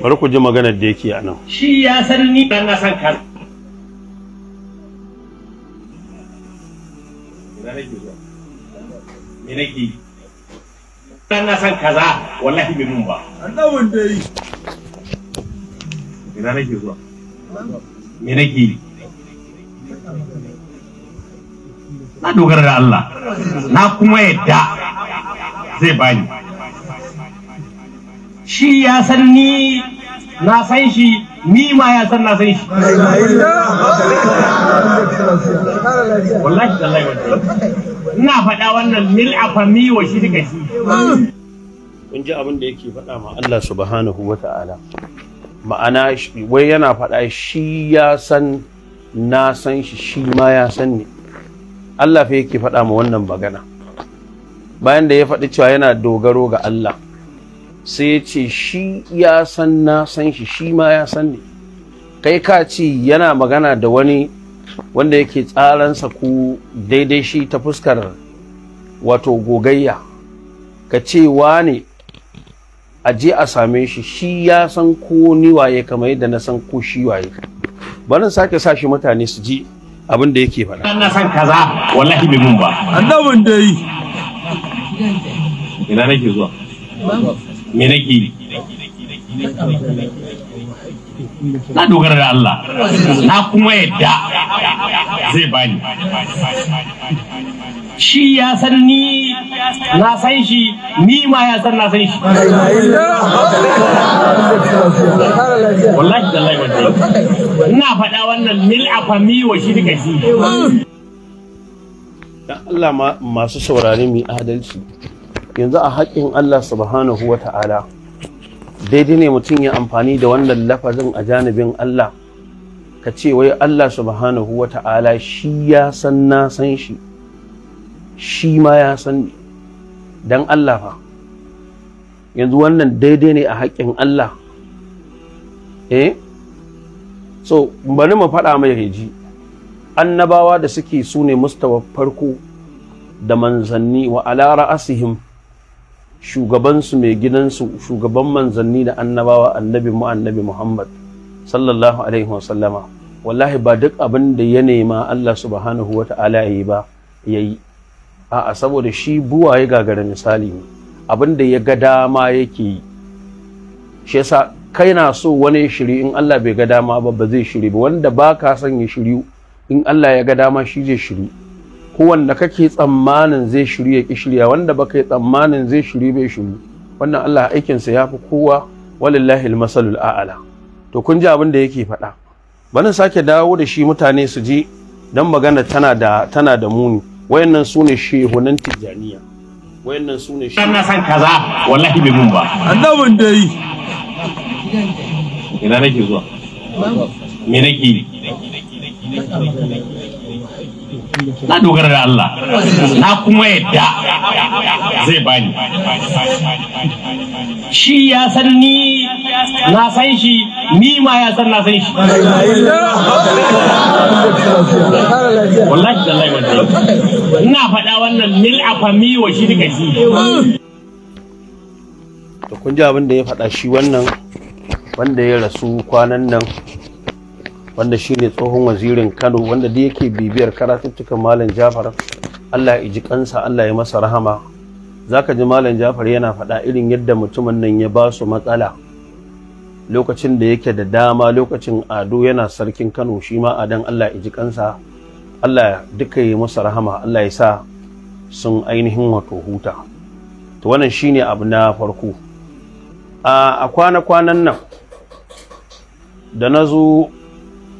bari ku ji maganar da yake a nan shi ya san ni ban na kan nake kaza wallahi bai mun ba da yi ina nake zuwa me nake na dogara da Allah na kuma yadda zai bani shi ya san ni na san shi ni ma ya san na san shi wallahi yi. ina faɗa wannan mil afami wa shi duka shi kun ji abin da yake faɗa ma Allah subhanahu wa ta'ala ma'ana wai yana faɗa shi ya san na san shi shi ma ya san ne Allah fa yake faɗa ma wannan magana bayan da ya faɗi cewa yana dogaro ga Allah sai ya ce shi ya san na san shi shi ma ya san ne kai ka ce yana magana da wani wanda yake tsaransa ku daidai shi ta fuskar wato gogayya ka ce wane a je a same shi shi ya san ko ni waye kamar yadda na san ko shi waye bari sake sa shi mutane su ji abin da yake faɗa na san kaza wallahi bai mun ba annabin yi. ina nake zuwa me nake na dogara da Allah na kuma yadda zai bani shi ya san ni na san shi ni ma ya san na san shi wallahi da lai ina faɗa wannan mil afami wa shi duka shi Allah masu saurari mai adalci yanzu a haƙƙin Allah subhanahu wa ta'ala daidai ne mutum ya amfani da wannan lafazin a janibin Allah ka ce wai Allah subhanahu wa ta'ala shi ya san na san shi shi ma ya san don Allah fa yanzu wannan daidai ne a haƙƙin Allah eh so bari mu faɗa mai reji annabawa da suke su ne mustawa farko da manzanni wa ala ra'asihim shugabansu mai gidansu shugaban manzanni da annabawa annabi mu annabi Muhammad sallallahu alaihi wasallama wallahi ba duk abin da ya nema Allah subhanahu wa ta'ala yi ba yayi a'a saboda shi buwa ya gagara misali ne abin da ya ga dama yake yi shi yasa kai na so wani shiri in Allah bai ga dama ba ba zai shiri ba wanda ba ka son ya shiri in Allah ya ga dama shi zai shiri ko wanda kake tsammanin zai shiri ya ki shirya wanda baka yi tsammanin zai shiri bai shiri wannan Allah aikinsa ya fi kowa walillahi almasalul a'ala to kun ji abin da yake faɗa bana sake dawo da shi mutane su ji dan magana tana da tana da muni wayannan sune shehunan tijaniya wayannan sune shi na san kaza wallahi bai mun ba annabin da yi ina nake zuwa me nake na dogara da Allah na kuma yadda zai bani shi ya san ni na san shi ni ma ya san na san shi wallahi dalai wallahi ina faɗa wannan mil afami wa shi duka shi to kun ji abin da ya faɗa shi wannan wanda ya rasu kwanan nan wanda shine tsohon wazirin Kano wanda da yake bibiyar karatuttukan Malam Jafar Allah ya ji kansa Allah ya masa rahama zaka ji Malam Jafar yana faɗa irin yadda mutumin nan ya ba su matsala lokacin da yake da dama lokacin ado yana sarkin Kano shi ma adan Allah ya ji kansa Allah duka ya masa rahama Allah ya sa sun ainihin wato huta to wannan shine abu na farko a kwana-kwanan nan da na zo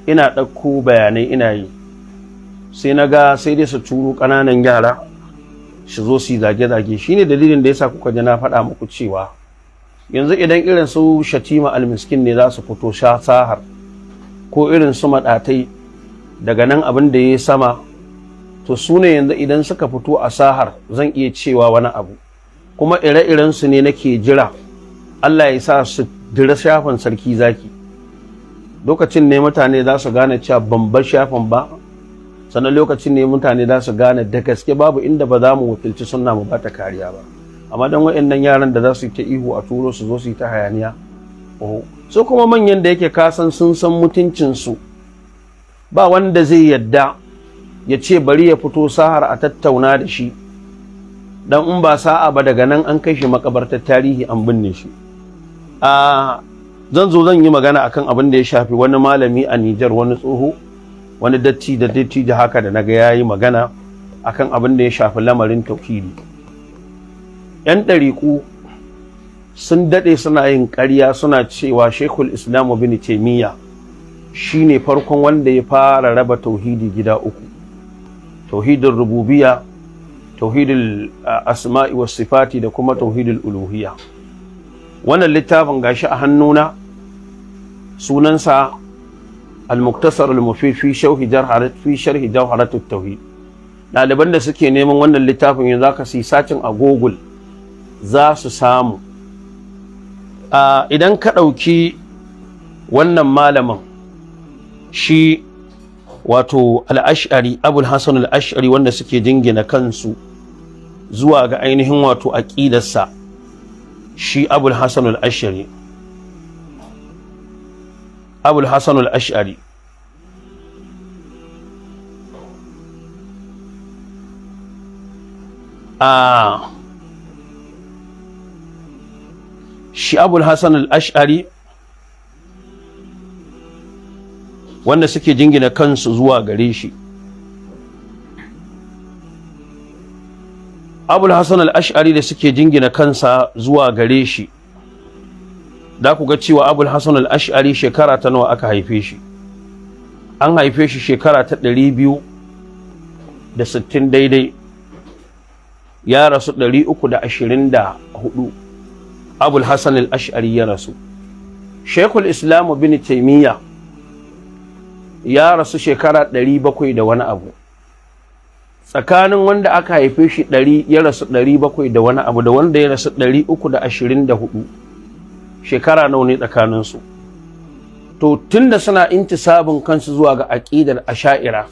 ina ɗauko bayanai ina yi sai na ga sai dai su turu ƙananan yara su zo su zage-zage Shi ne dalilin da ya sa kuka ji na faɗa muku cewa yanzu idan irin su shatima almiskin ne za su fito sha sahar ko irin su maɗatai daga nan abin da ya sama to su ne yanzu idan suka fito a sahar zan iya cewa wani abu kuma ire-irensu ne nake jira Allah ya sa su dira shafin sarki zaki lokacin ne mutane za su gane cewa bambar shafin ba sannan lokacin ne mutane za su gane da gaske babu inda ba za mu wakilci suna mu bata kariya ba amma don waɗannan yaran da za su yi ta ihu a turo su zo su yi ta hayaniya oh su kuma manyan da yake kasan sun san mutuncinsu ba wanda zai yadda ya ce bari ya fito sahar a tattauna da shi dan in ba sa'a ba daga nan an kai shi makabartar tarihi an binne shi a ah, zan zo zan yi magana akan abin da ya shafi wani malami a Nijar wani tsoho wani datti da datti da haka da naga yayi magana akan abin da ya shafi lamarin tauhidi yan ɗariƙu sun daɗe suna yin ƙarya suna cewa shekul islam bin taimiyya shine farkon wanda ya fara raba tauhidi gida uku tauhidin rububiya tauhidin asma'i was sifati da kuma tauhidin uluhiyya wannan littafin gashi a hannuna sunansa al-muktasar al-mufid fi shauhi jarhar fi sharhi jawharat tauhid ɗaliban da suke neman wannan littafin yanzu zaka si sacin a google za su samu idan ka ɗauki wannan malaman, shi wato al-ash'ari abul al-ash'ari wanda suke jingina kansu zuwa ga ainihin wato aƙidarsa shi abul al-ash'ari abul hasan al-ash'ari a ah. shi abul hasan al-ash'ari wanda suke jingina kansu zuwa gare shi abul hasan al-ash'ari da suke jingina kansa zuwa gare shi da ku ga cewa abul hasan al-ash'ari shekara ta nawa aka haife shi an haife shi shekara ta ɗari biyu da sittin daidai ya rasu ɗari uku da ashirin da hudu abul hasan al-ash'ari ya rasu shekul islam bin taimiyya ya rasu shekara ɗari bakwai da wani abu tsakanin wanda aka haife shi ɗari ya rasu ɗari bakwai da wani abu da wanda ya rasu ɗari uku da ashirin da hudu shekara nawa ne tsakaninsu to tunda suna intisabin kansu zuwa ga aƙidar asha'ira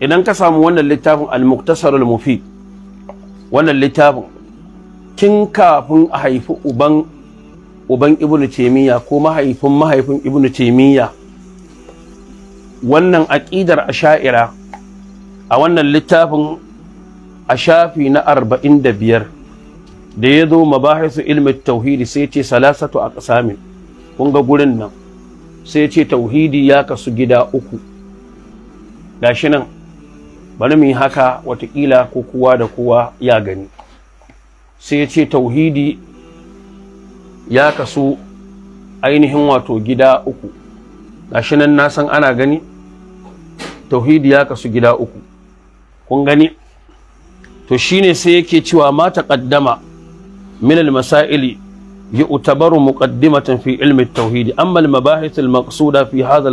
idan ka samu wannan littafin al-muktasar mufid wannan littafin kin kafin a haifi uban uban ibnu taymiya ko mahaifin mahaifin ibnu taymiya wannan aƙidar asha'ira a wannan littafin a shafi na arba'in da biyar da ya zo mabahisu ilmin tauhidi sai ce salasatu a ƙasamin kun ga gurin nan sai ce tauhidi ya kasu gida uku gashi nan bari mu yi haka watakila ko kowa da kowa ya gani sai ce tauhidi ya kasu ainihin wato gida uku gashi nan na san ana gani tauhidi ya kasu gida uku kun gani to shine sai yake cewa ma ƙaddama من المسائل يعتبر مقدمة في علم التوحيد أما المباحث المقصودة في هذا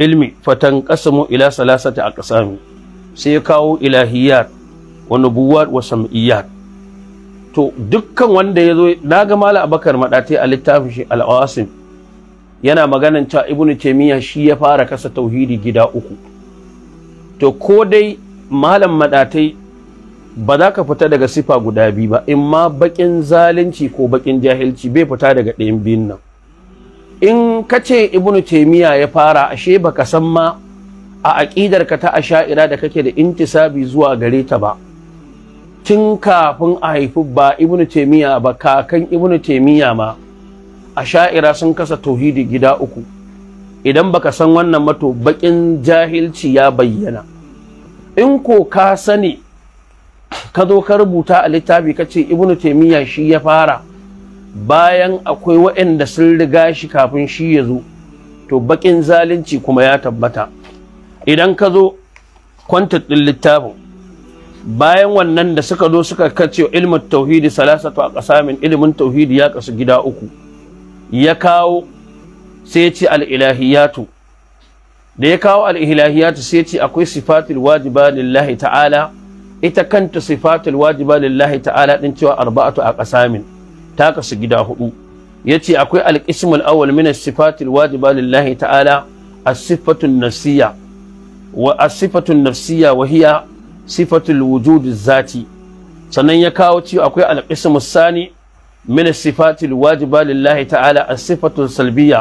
العلم فتنقسم إلى ثلاثة أقسام سيكاو إلهيات ونبوات وسمئيات to dukkan wanda ya zo na ga mala abakar maɗate a littafin shi yana maganan cewa ibnu taimiyya shi ya fara kasa tauhidi gida uku to ko dai malam maɗatai ba za ka fita daga sifa guda biyu ba in ma bakin zalunci ko bakin jahilci bai fita daga ɗayan biyun nan in ka ce ibnu taimiyya ya fara ashe ba ka san ma a aƙidar ka ta asha'ira da kake da intisabi zuwa gare ta ba tun kafin a haifi ba ibnu taimiyya ba kakan ibnu taimiyya ma asha'ira sun kasa tauhidi gida uku idan baka san wannan mato baƙin jahilci ya bayyana in ko ka sani ka zo ka rubuta a littafi ka ce ibnu taimiyya shi ya fara bayan akwai waɗanda sun riga shi kafin shi ya zo to baƙin zalunci kuma ya tabbata idan ka zo kwanta ɗin littafin bayan wannan da suka zo suka kace ilmin tauhidi salasatu a ƙasa min ilimin tauhidi ya kasu gida uku ya kawo sai ce al'ilahiyatu da ya kawo al'ilahiyatu sai ce akwai sifatul wajiba lillahi ta'ala ita kanta sifatul wajiba lillahi ta'ala din cewa arba'atu a qasamin ta kasu gida hudu yace akwai alqismul awwal min sifatul wajiba lillahi ta'ala as-sifatu an-nafsiyya wa as-sifatu an-nafsiyya wa hiya sifatul wujud zati sannan ya kawo cewa akwai alqismus sani من الصفات الواجبة لله تعالى الصفة السلبية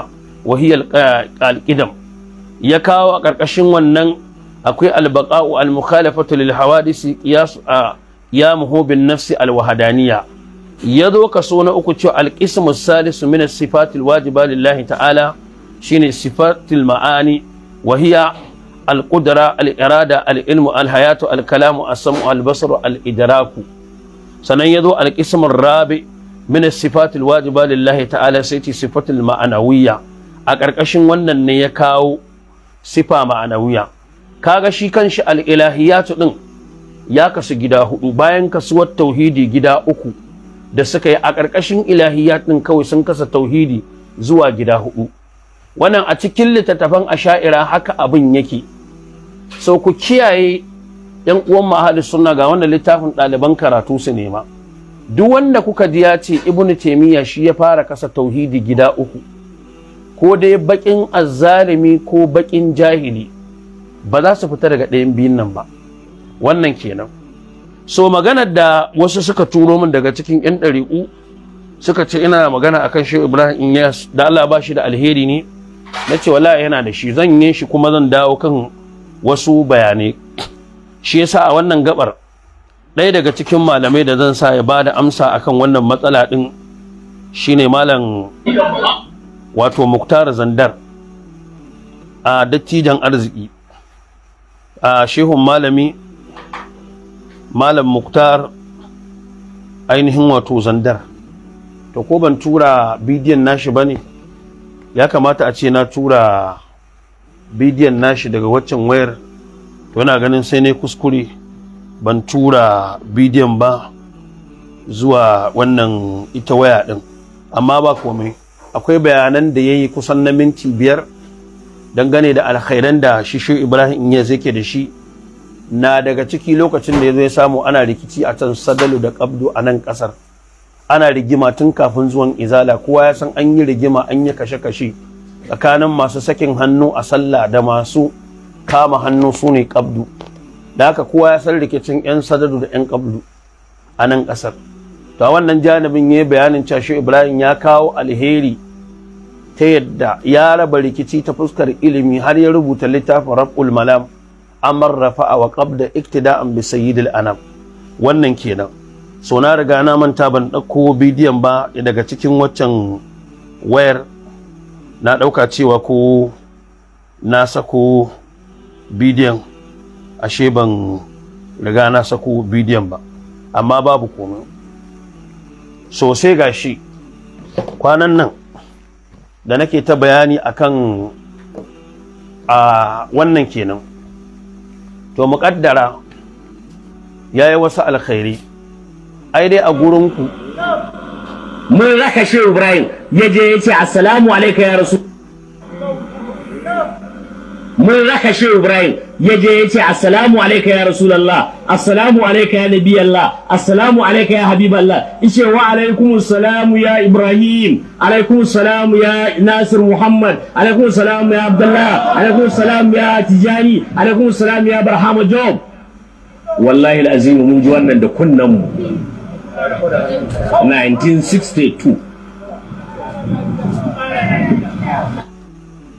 Ya kawo a ƙarƙashin wannan. akwai albaqa'u almukhalafatu lil hawadisi qiyas ya muhu bin nafsi alwahadaniya yazo kaso na uku cewa alqismu salisu min sifatil wajiba lillahi ta'ala shine sifatil ma'ani wa hiya alqudra alirada alilmu alhayatu alkalamu as-sam'u al idraku sanan yazo alqismu rabi min sifatil wajiba lillahi ta'ala sai sifatil ma'anawiyya a ƙarƙashin wannan ne ya kawo sifa ma'anawiyya kaga shi kanshi al'ilahiyatu ɗin ya kasu gida hudu bayan kasuwar tauhidi gida uku da suka yi a ƙarƙashin ilahiyat din kawai sun kasa tauhidi zuwa gida hudu wannan a cikin littattafan asha'ira haka abin yake sau ku kiyaye yan uwan mahadis suna ga wannan littafin ɗaliban karatu su nema duk wanda kuka ji ya ce ibnu taimiyya shi ya fara kasa tauhidi gida uku ko dai baƙin azzalimi ko baƙin jahili ba za su fita daga ɗayan biyun nan ba wannan kenan so maganar da wasu suka turo min daga cikin 'yan ɗari'u suka ce ina magana akan shi ibrahim inyas da allah ba shi da alheri ne na ce wala yana da shi zan yi shi kuma zan dawo kan wasu bayanai shi yasa a wannan gabar ɗaya daga cikin malamai da zan sa ya ba da amsa akan wannan matsala ɗin shine malam wato muktar zandar a dattijan arziki a shehun malami malam muktar ainihin wato zandar to ko ban tura bidiyon nashi ba ne ya kamata a ce na tura bidiyon nashi daga waccan wayar to yana ganin sai ne kuskure ban tura bidiyon ba zuwa wannan ita waya din amma ba komai akwai bayanan da ya yi kusan na minti biyar dangane da alkhairan da shishu ibrahim ya yake da shi na daga ciki lokacin da ya zo ya samu ana rikici a can sadalu da kabdu a nan kasar ana rigima tun kafin zuwan izala kowa ya san an yi rigima an yi kashe-kashe tsakanin masu sakin hannu a sallah da masu kama hannu su ne kabdu da haka kowa ya san rikicin 'yan sadalu da 'yan kabdu a nan kasar to wannan janibin ya bayanin cewa ibrahim ya kawo alheri ta yadda ya raba rikici ta fuskar ilimi har ya rubuta littafin raf'ul malam amar rafa wa qabda iktida'an bi sayyidil anam wannan kenan so na riga na manta ban ɗauko bidiyon ba daga cikin waccan wayar na ɗauka cewa ko na sako bidiyon ashe ban riga na sako bidiyon ba amma babu komai so sai gashi kwanan nan da nake ta bayani akan a wannan kenan to muƙaddara ya yi wasu alkhairi ai dai a gurinku mun raka shehu ibrahim yaje yace ya ce assalamu alaika ya rasu من رخ شيء إبراهيم يجي يجي السلام عليك يا رسول الله السلام عليك يا نبي الله السلام عليك يا حبيب الله إيشي وعليكم السلام يا إبراهيم عليكم السلام يا ناصر محمد عليكم السلام يا عبد الله عليكم السلام يا تجاني عليكم السلام يا إبراهيم جوب والله العظيم من جوانا دو كنا 1962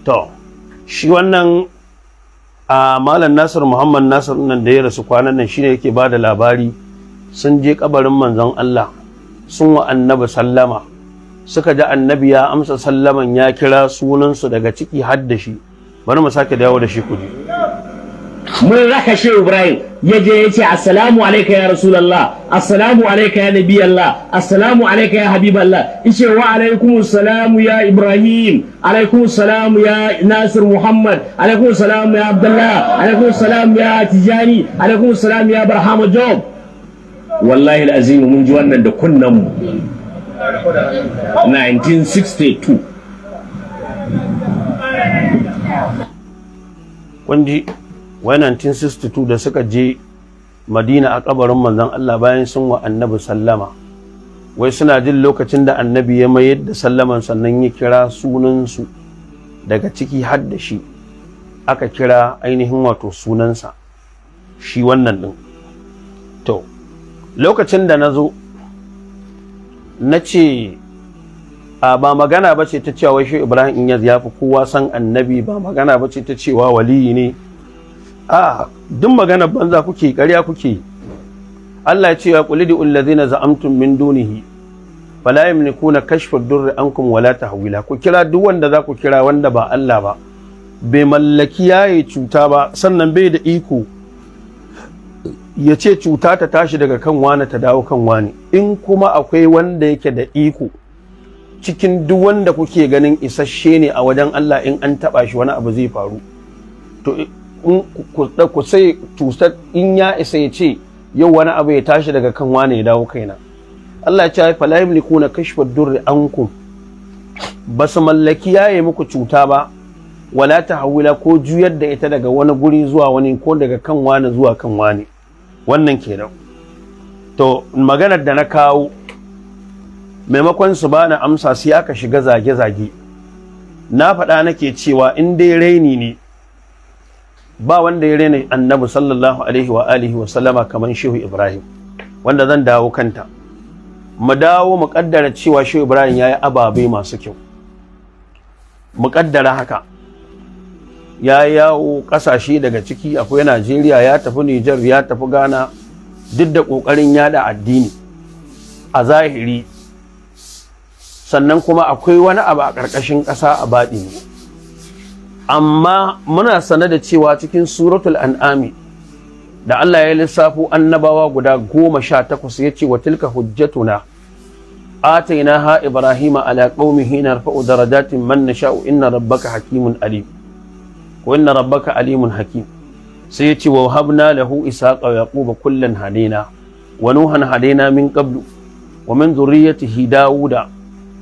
تو shi wannan a malam nasir muhammad nasir nan da ya rasu kwanan nan shine yake ba da labari sun je kabarin manzon allah sun wa annabi sallama suka ji annabi ya amsa sallaman ya kira sunansu daga ciki haddashi, bari mu sake dawo da shi kuji من رك شيء إبراهيم يجي يجي السلام عليك يا رسول الله السلام عليك يا نبي الله السلام عليك يا حبيب الله إيشي وعليكم السلام يا إبراهيم عليكم السلام يا ناصر محمد عليكم السلام يا عبد الله عليكم السلام يا تجاني عليكم السلام يا برحام جوب والله العظيم من جوانا دو كنا 1962 wai 1962 da suka je madina a kabarin manzon Allah bayan sun wa annabi sallama wai suna jin lokacin da annabi ya mayar da sallaman sannan ya kira sunansu daga ciki har da shi aka kira ainihin wato sunansa shi wannan ɗin to lokacin da na zo na ce ba magana ba ce ta cewa shi ibrahim inyaz ya fi kowa san annabi ba magana ba ce ta cewa waliyi ne a duk maganar banza kuke ƙarya kuke Allah ya ce ya da lidul na za'amtum min dunihi fala yamlikuna kashfa durri ankum wala tahwila ku kira duk wanda za ku kira wanda ba Allah ba bai mallaki yayi cuta ba sannan bai da iko ya ce cuta ta tashi daga kan wani ta dawo kan wani in kuma akwai wanda yake da iko cikin duk wanda kuke ganin isasshe ne a wajen Allah in an taba shi wani abu zai faru to ku sai cutar in ya isa ya ce yau wani abu ya tashi daga kan wane ya dawo kaina Allah ya ce fa la na kashfa durri ankum basu mallaki yaye muku cuta ba wala haula ko juyar da ita daga wani guri zuwa wani ko daga kan wani zuwa kan wani wannan kenan to maganar da na kawo maimakon su bani amsa sai aka shiga zage-zage na faɗa nake cewa in dai raini ne ba wanda ya rene annabi sallallahu alaihi wa alihi wa sallama kamar shehu ibrahim wanda zan dawo kanta mu dawo mu kaddara cewa shehu ibrahim yayi ababe masu kyau mu kaddara haka ya yawo kasashe daga ciki akwai najeriya ya tafi nijar ya tafi ghana duk da kokarin yada addini a zahiri sannan kuma akwai wani abu a ƙarƙashin ƙasa a baɗi ne amma muna sane da cewa cikin suratul an'ami da Allah ya lissafo annabawa guda goma sha takwas ya ce wa tilka hujjatuna ha ibrahima ala qaumihi narfa'u darajatin man nasha'u inna rabbaka hakimun alim inna rabbaka alimun hakim sai ya ce wa habna lahu isaqa wa yaquba kullan hadaina wa nuhan hadaina min qablu wa min dhurriyyatihi dauda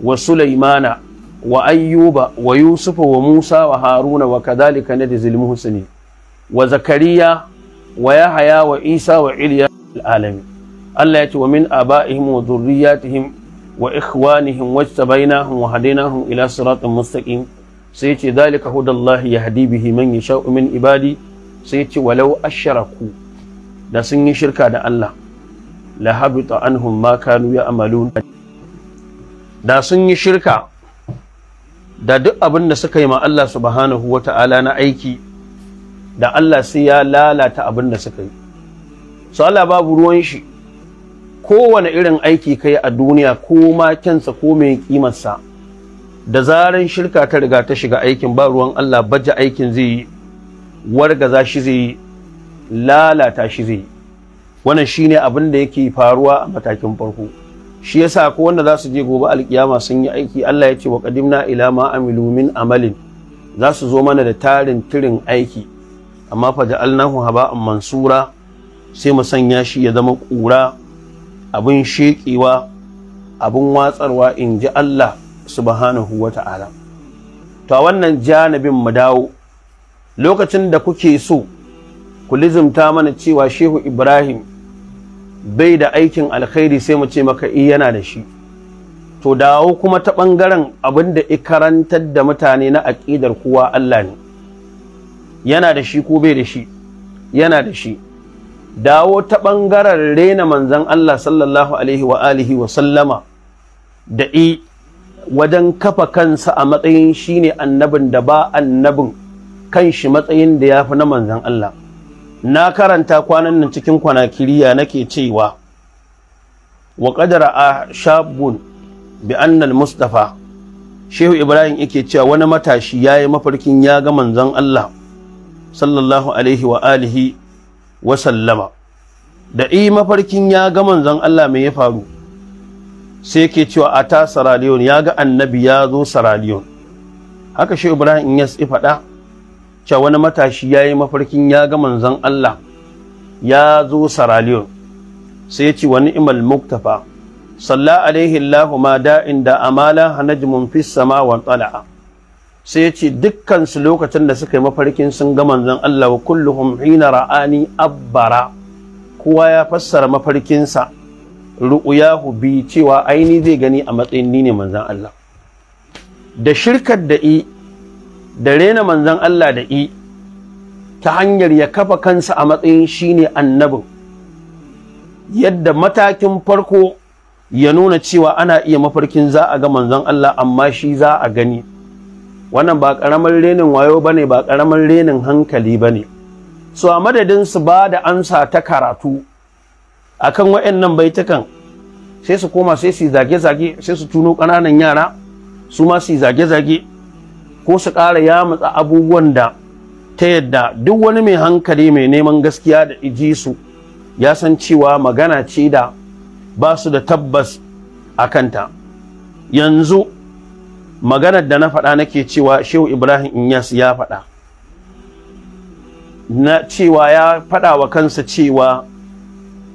wa sulaymana wa ayyuba wa yusufa wa musa wa haruna wa kadhalika zil muhsinin wa zakariya wa yahaya wa isa wa ilya alamin Allah ya ce wa min aba'ihim wa dhurriyyatihim wa ikhwanihim wajtabainahum wa hadainahum ila siratin mustaqim sai ce zalika hudallahi yahdi bihi man yasha'u min ibadi sai ce walau asharaku da sun yi shirka da Allah la habita anhum ma kanu ya'malun da sun yi shirka da duk abin da suka yi ma Allah subhanahu wa ta'ala na aiki da Allah sai ya lalata abin da suka yi su Allah babu ruwan shi kowane irin aiki kai a duniya ko ma ko mai kimarsa da zaran shirka ta riga ta shiga aikin ba ruwan Allah baje aikin zai yi wargaza shi zai yi lalata shi zai yi wannan shine abin da yake faruwa a matakin farko shi yasa ko wanda za su je gobe alkiyama sun yi aiki Allah ya ce wa qadimna ila ma amilu min amalin za su zo mana da tarin tirin aiki amma fa ja'alnahu haba'an mansura sai mu sanya shi ya zama ƙura abin sheƙewa abin watsarwa in ji Allah subhanahu wa ta'ala to a wannan janibin mu dawo lokacin da kuke so ku lizimta mana cewa shehu Ibrahim bai da aikin alkhairi sai mu ce maka i eh, yana da shi to dawo kuma ta ɓangaren abin da karantar da mutane na aƙidar kowa Allah ne yana da shi ko bai da shi yana da shi dawo ta ɓangaren rena manzan Allah sallallahu alaihi wa alihi wa sallama da i wajen kafa kansa a matsayin shine annabin da ba annabin kan shi matsayin da ya fi na manzan Allah na karanta kwanan nan cikin kwanakiriya nake cewa wa qadara a shabun bi annal mustafa shehu ibrahim yake cewa wani matashi ya yi mafarkin ya ga manzon Allah sallallahu alaihi wa alihi wa sallama da yi mafarkin ya ga manzon Allah mai ya faru sai yake cewa ata saraliyon ya ga annabi ya zo saraliyon haka shehu ibrahim ya faɗa cewa wani matashi ya yi mafarkin ya ga manzon Allah ya zo saraliyon sai ya ce wani imal muktafa salla alaihi Allahu ma da'in da amala hanajmun fis sama wa tala'a sai ya ce dukkan su lokacin da suka yi mafarkin sun ga manzon Allah wa kulluhum hina ra'ani abbara kowa ya fassara mafarkinsa ru'uyahu bi cewa aini zai gani a matsayin ni ne manzon Allah da shirkar da i da rena manzan Allah da i ta hanyar ya kafa kansa a matsayin shine annabin yadda matakin farko ya nuna cewa ana iya mafarkin za a ga manzon Allah amma shi za a gani wannan ba ƙaramin renin wayo ba ne ba ƙaramin renin hankali bane so a madadin su ba da amsa ta karatu akan waɗannan baitukan sai su koma sai su zage-zage sai su tuno ƙananan yara su ma su zage-zage ko su ƙara yamutsa abubuwan da ta yadda duk wani mai hankali mai neman gaskiya da iji su ya san cewa magana ce da ba su da tabbas a kanta yanzu maganar da na faɗa nake cewa shehu ibrahim inyas ya faɗa na cewa ya faɗa wa kansa cewa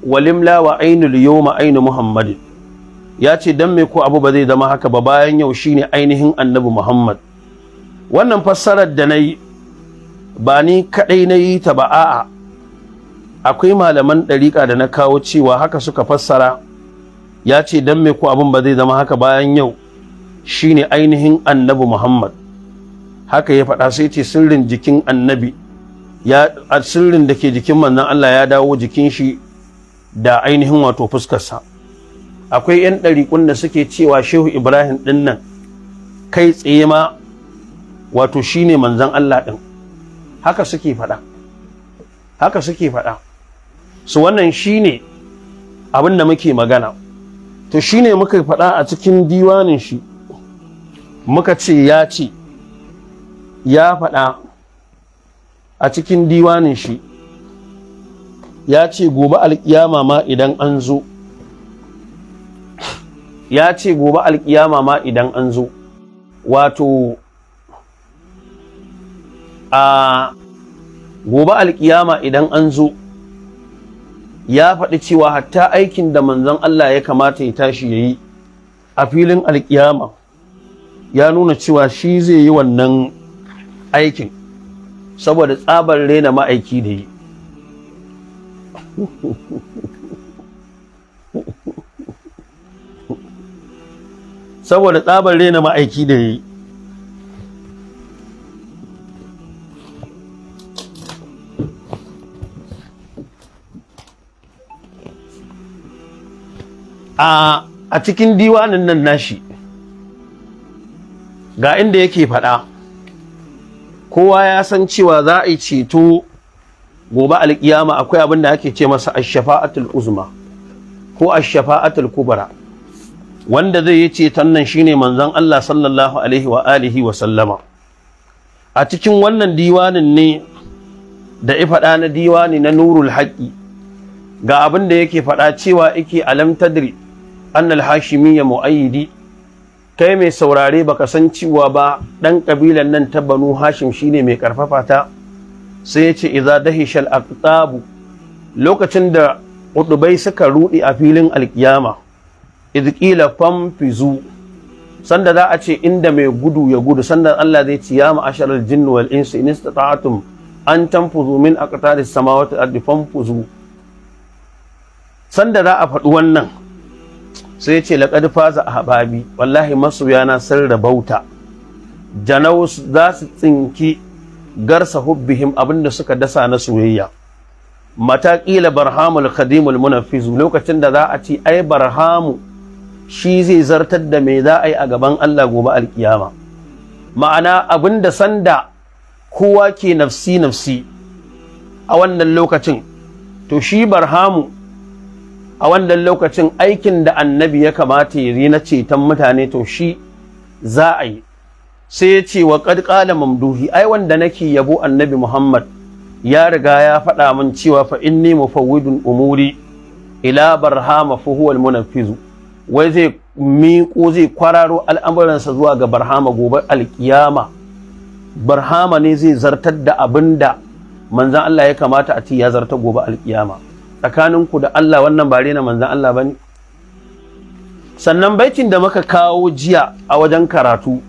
walimla wa ainul yawma ainu muhammadin ya ce don me ko abu ba zai zama haka ba bayan yau shine ainihin annabi muhammad wannan fassarar da na yi ba ni kaɗai na yi ta ba a'a akwai malaman ɗariƙa da na kawo cewa haka suka fassara ya ce don me ku abin ba zai zama haka bayan yau shine ainihin annabi muhammad haka ya faɗa sai ce sirrin jikin annabi ya sirrin da ke jikin manzon Allah ya dawo jikin shi da ainihin wato fuskarsa akwai 'yan ɗariƙun da suke cewa shehu ibrahim ɗin nan kai tsaye ma wato shine manzan Allah ɗin haka suke faɗa haka suke faɗa su wannan shine ne da muke magana to shine muka faɗa a cikin diwanin shi muka ce ya ce ya faɗa a cikin diwanin shi ya ce gobe alƙiyama ma idan an zo ya ce gobe alƙiyama ma idan an zo wato a gobe alƙiyama idan an zo ya faɗi cewa hatta aikin da manzon Allah ya kamata ya tashi ya yi a filin alkiyama ya nuna cewa shi zai yi wannan aikin saboda tsabar rena ma'aiki da yi saboda tsabar rena ma'aiki da yi a cikin diwanin nan nashi ga inda yake faɗa kowa ya san cewa za a yi ceto gobe alkiyama akwai abin da ake ce masa shafaatul uzma ko shafaatul kubra wanda zai yi ceton nan shine manzon Allah sallallahu alaihi wa alihi wa sallama a cikin wannan diwanin ne da ifaɗa na diwani na nurul haƙi ga abin da yake faɗa cewa yake alam tadri annal ya mu'ayyidi kai mai saurare baka san cewa ba dan kabilan nan ta banu hashim shine mai karfafa ta sai ya ce idza dahishal aqtabu lokacin da udubai suka rudi a filin alkiyama idqila famfizu sanda za a ce inda mai gudu ya gudu sanda Allah zai ci ya ma'asharal jinn wal insi in istata'tum an tanfuzu min aqtaris samawati ardi famfuzu sanda za a faɗi wannan sai ya ce laƙad faza a hababi wallahi masoyana sun rabauta janau za su tsinki garsa hubbihim abinda suka dasa na soyayya mata ƙila barhamul kadimul munafizu lokacin da za a ce ai barhamu shi zai zartar da mai za a yi a gaban Allah gobe alkiyama ma'ana abinda sanda kowa ke nafsi nafsi a wannan lokacin to shi barhamu a wannan lokacin aikin da annabi ya kamata yi na ceton mutane to shi za a yi sai ya ce wa ƙadƙala mamduhi ai wanda nake yabo annabi Muhammad ya riga ya faɗa min cewa fa inni mufawwidun umuri ila barhama fa munafizu fizu wai zai miƙo zai kwararo al'amuransa zuwa ga barhama gobe alƙiyama barhama ne zai zartar da abin da manzan Allah ya kamata a ci ya zarta gobe alƙiyama. tsakaninku da Allah wannan ba rena manzan Allah ba ne sannan baitin da muka kawo jiya a wajen karatu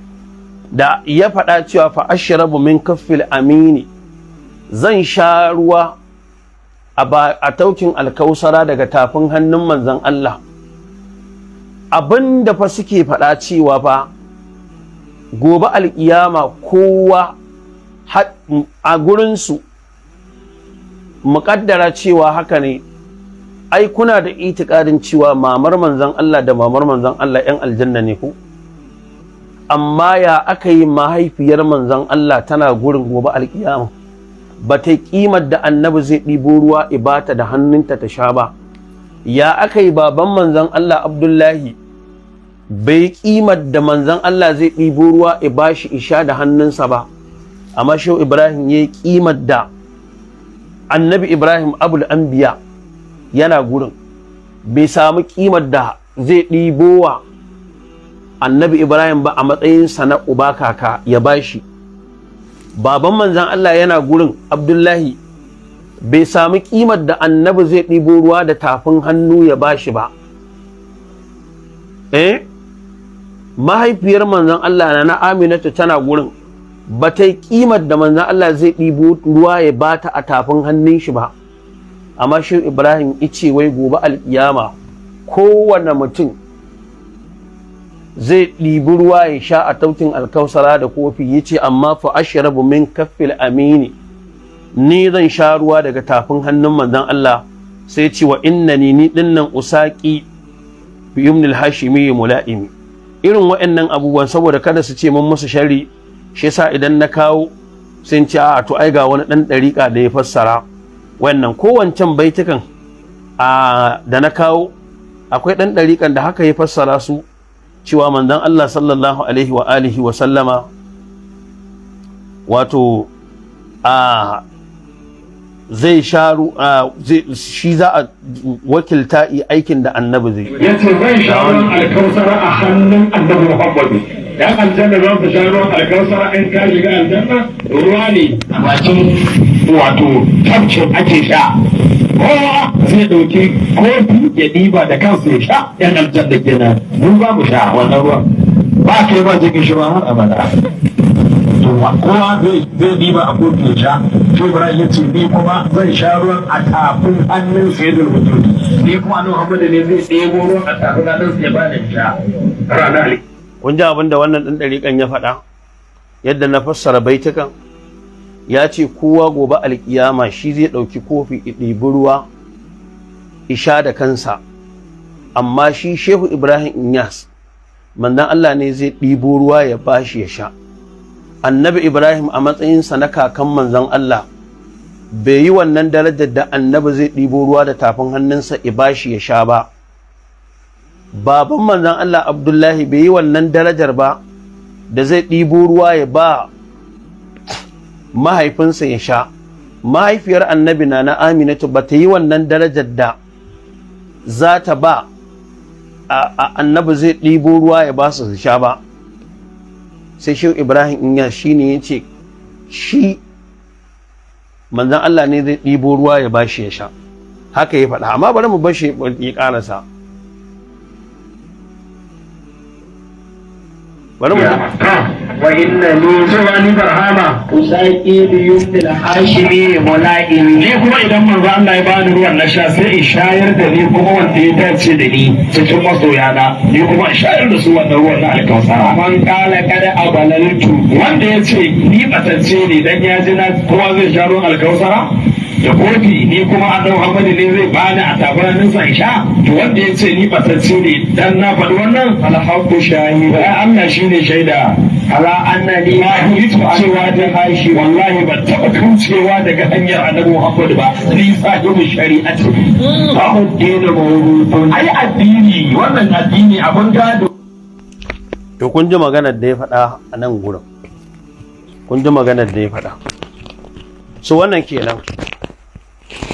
da ya faɗa cewa fa ashrabu min kaffil amini zan sha ruwa a taukin alkausara daga tafin hannun manzan Allah abinda da fa suke faɗa cewa fa gobe alƙiyama kowa a gurinsu muƙaddara cewa haka ne ai kuna da itikadin cewa mamar manzon Allah da mamar manzan Allah yan aljanna ne ku amma ya aka yi mahaifiyar manzon Allah tana gurin gobe alkiyama ba ta kimar da annabi zai ɗibo ruwa ibata da hannunta ta sha ba ya aka yi baban manzon Allah Abdullahi bai ƙimar da manzon Allah zai ɗibo ruwa ibashi isha da hannunsa ba amma shehu Ibrahim ya yi kimar da annabi ibrahim abul anbiya yana gurin bai samu kimar da zai ɗibo wa annabi ibrahim ba a matsayinsa na uba kaka ya bashi baban manzan allah yana gurin abdullahi bai samu kimar da annabi zai ɗibo ruwa da tafin hannu ya bashi ba eh mahaifiyar manzan allah na na aminatu tana gurin ba ta yi ƙimar da manzan Allah zai ɗibo ruwa ya bata a tafin hannun shi ba amma shi ibrahim ice wai gobe alƙiyama kowane mutum zai ɗibi ruwa ya sha a tautin alkausara da kofi ya ce amma fa ashrabu min kaffil amini ni zan sha ruwa daga tafin hannun manzan Allah sai ce wa innani ni dinnan usaki bi yumnil hashimi mula'imi irin waɗannan abubuwan saboda kada su ce mun musu shari'a shi yasa idan na kawo sun ce a to ai ga wani dan dariƙa da ya fassara wannan kowancan baitukan a da na kawo akwai dan dariƙan da haka ya fassara su cewa manzon Allah sallallahu alaihi wa alihi wa sallama wato a zai sharu shi za a wakilta aikin da annabi zai yace zai sharu alkausar a hannun annabi Muhammadu yan aljanna za su sha ruwan alkausara in ka shiga aljanna ruwa ne a bakin wato tafkin ake sha kowa zai ɗauki kofi ya ɗiba da kansu ya sha yan aljanna kenan mun ba mu sha wannan ruwan ba kai ba jikin shi har abada kowa zai diba a kofi ya sha shi ibrahim ya ce ni kuma zan sha ruwan a tafin hannun sayyidul wujud ni kuma annabi ne zai ɗebo ruwan a tafin hannun sa ya bani sha ranar kun ji abin da wannan ɗan ɗariƙan ya faɗa yadda na fassara baitukan ya ce kowa gobe alƙiyama shi zai ɗauki kofi ɗibi ruwa isha da kansa amma shi shehu ibrahim inyas manzan allah ne zai ɗibo ruwa ya bashi ya sha annabi ibrahim a matsayinsa na kakan manzon allah bai yi wannan darajar da annabi zai ɗibo ruwa da tafin hannunsa ya bashi ya sha ba baban manzan Allah Abdullahi bai yi wannan darajar ba da zai ɗibo ruwa ya ba mahaifinsa ya sha mahaifiyar annabi na na aminatu ba ta yi wannan darajar da za ta ba a annabi zai ɗibo ruwa ya ba su sha ba sai shi ibrahim inya shi ne ya ce shi manzan Allah ne zai ɗibo ruwa ya ba shi ya sha haka ya faɗa amma bari mu bashi ya ƙarasa bari mu wa inna li zuwani barhama usaqi bi yumil hashimi mulaqin ni kuma idan manzo Allah ya bani ruwan na sha sai in shayar da ni kuma wanda ya dace da ni cikin masoya na ni kuma in shayar da su wannan ruwan na alkausara man kala kada abalaltu wanda ya ce ni batacce ne dan ya ji na kowa zai sha ruwan alkausara da kofi ni kuma a dau hamadi ne zai bani a tabaranin sa isha to wanda ya ce ni batacce ne dan na faɗi wannan alhaqqu shahida ya shi ne shaida ala annani ma hulitu cewa da haishi wallahi ban taɓa cewa daga hanyar annabi Muhammad ba ni sa sahibu shari'ati hmm. ba mu dina mawrudun ai addini wannan addini abin gado to kun ji maganar da ya faɗa a nan gurin kun ji maganar da ya faɗa su wannan kenan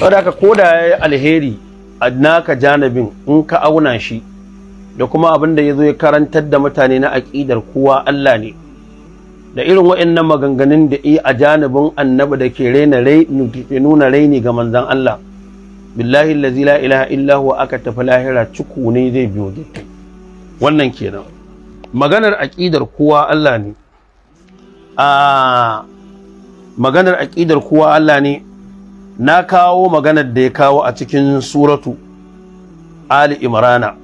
wadda ka ko da yayi alheri a naka janabin in ka auna shi da kuma abin da ya zo ya karantar da mutane na aƙidar kowa Allah ne da irin waɗannan maganganun da yi a janabin annabi da ke nuna raini ga manzan Allah billahi lazi la ilaha aka tafi lahira ciku ne zai biyo wannan kenan maganar aƙidar kowa Allah ne a ah, maganar aƙidar kowa Allah ne na kawo maganar da ya kawo a cikin suratu ali imrana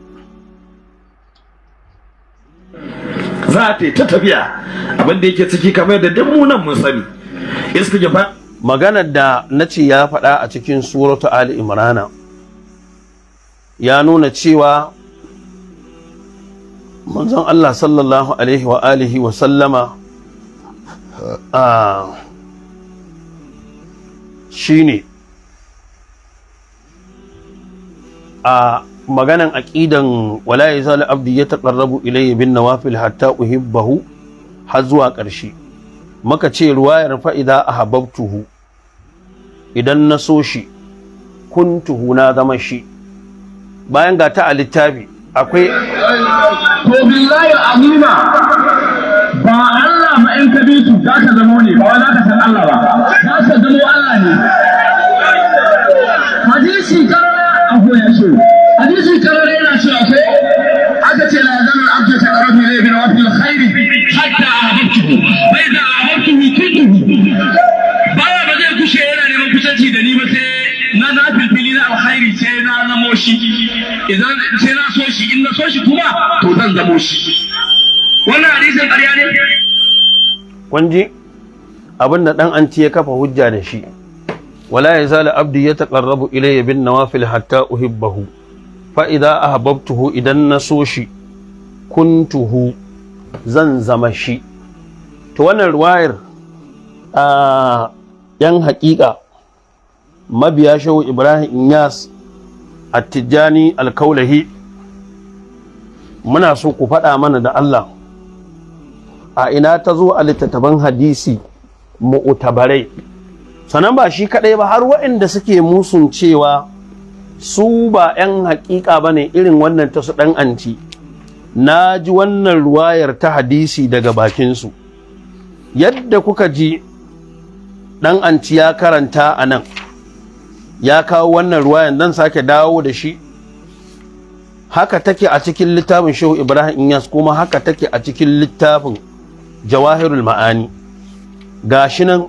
za ta ta tafiya abin da yake ciki kamar da duk munan mun sani istighfar maganar da na ce ya faɗa a cikin suratu ali imrana ya nuna cewa manzon Allah sallallahu alaihi wa alihi wa sallama ah, shine a maganan aqidan wala yazal abdi yataqarrabu ilayya bin nawafil hatta uhibbahu har zuwa ƙarshe maka ce ruwayar fa'ida a hababtuhu idan na so shi kuntuhu na zama shi bayan ga ta a littafi akwai yanzu sai na so shi in na so shi kuma to zan zamo shi wannan hadisin ƙarya ne kun abinda dan ya kafa hujja da shi wala yazal abdi yataqarrabu ilayya bin nawafil hatta uhibbahu fa idza ahbabtuhu idan na so shi kuntuhu zan zama shi to wannan ruwayar a ah, yan haƙiƙa mabiya shehu ibrahim yas attijani alkaulahi muna so ku faɗa mana da Allah a ina ta zo a littattafan hadisi mu'utabarai. sannan ba shi kaɗai ba har waɗanda suke musun cewa su ba 'yan haƙiƙa ba ne irin wannan ta su ɗan anci na ji wannan ruwayar ta hadisi daga bakinsu yadda kuka ji ɗan’anci ya karanta a nan ya kawo wannan ruwayan dan sake dawo da shi haka take a cikin littafin shehu ibrahim inyas kuma haka take a cikin littafin jawahirul ma'ani gashi nan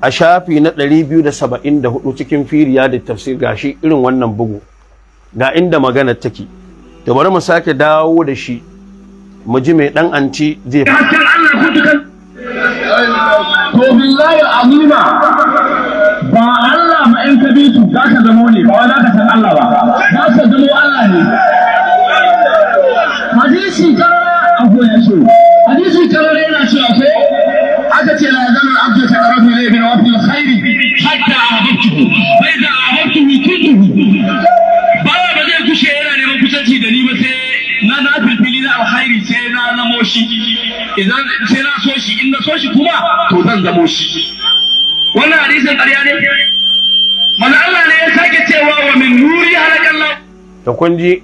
a shafi na 274 cikin firiya da tafsir gashi irin wannan bugu ga inda magana take da bari mu sake dawo da shi mu ji mai dan anti zai fi in ka bi su za ka zamo ne ba za ka san Allah ba za ka zamo Allah ne hadisi karara a goya so hadisi karara yana cewa ko aka ce la zanu abdu taqarrabu ilayhi bil wafdi al-khairi hatta ahabtuhu fa idha ahabtuhu kuntuhu bawa ba zai kushe yana neman kusanci da ni ba sai na na filfili na alkhairi sai na na moshi idan sai na so shi in na so shi kuma to zan zamo shi wannan hadisin ƙarya ne manzo Allah ne ya sake cewa wa min nuri kun ji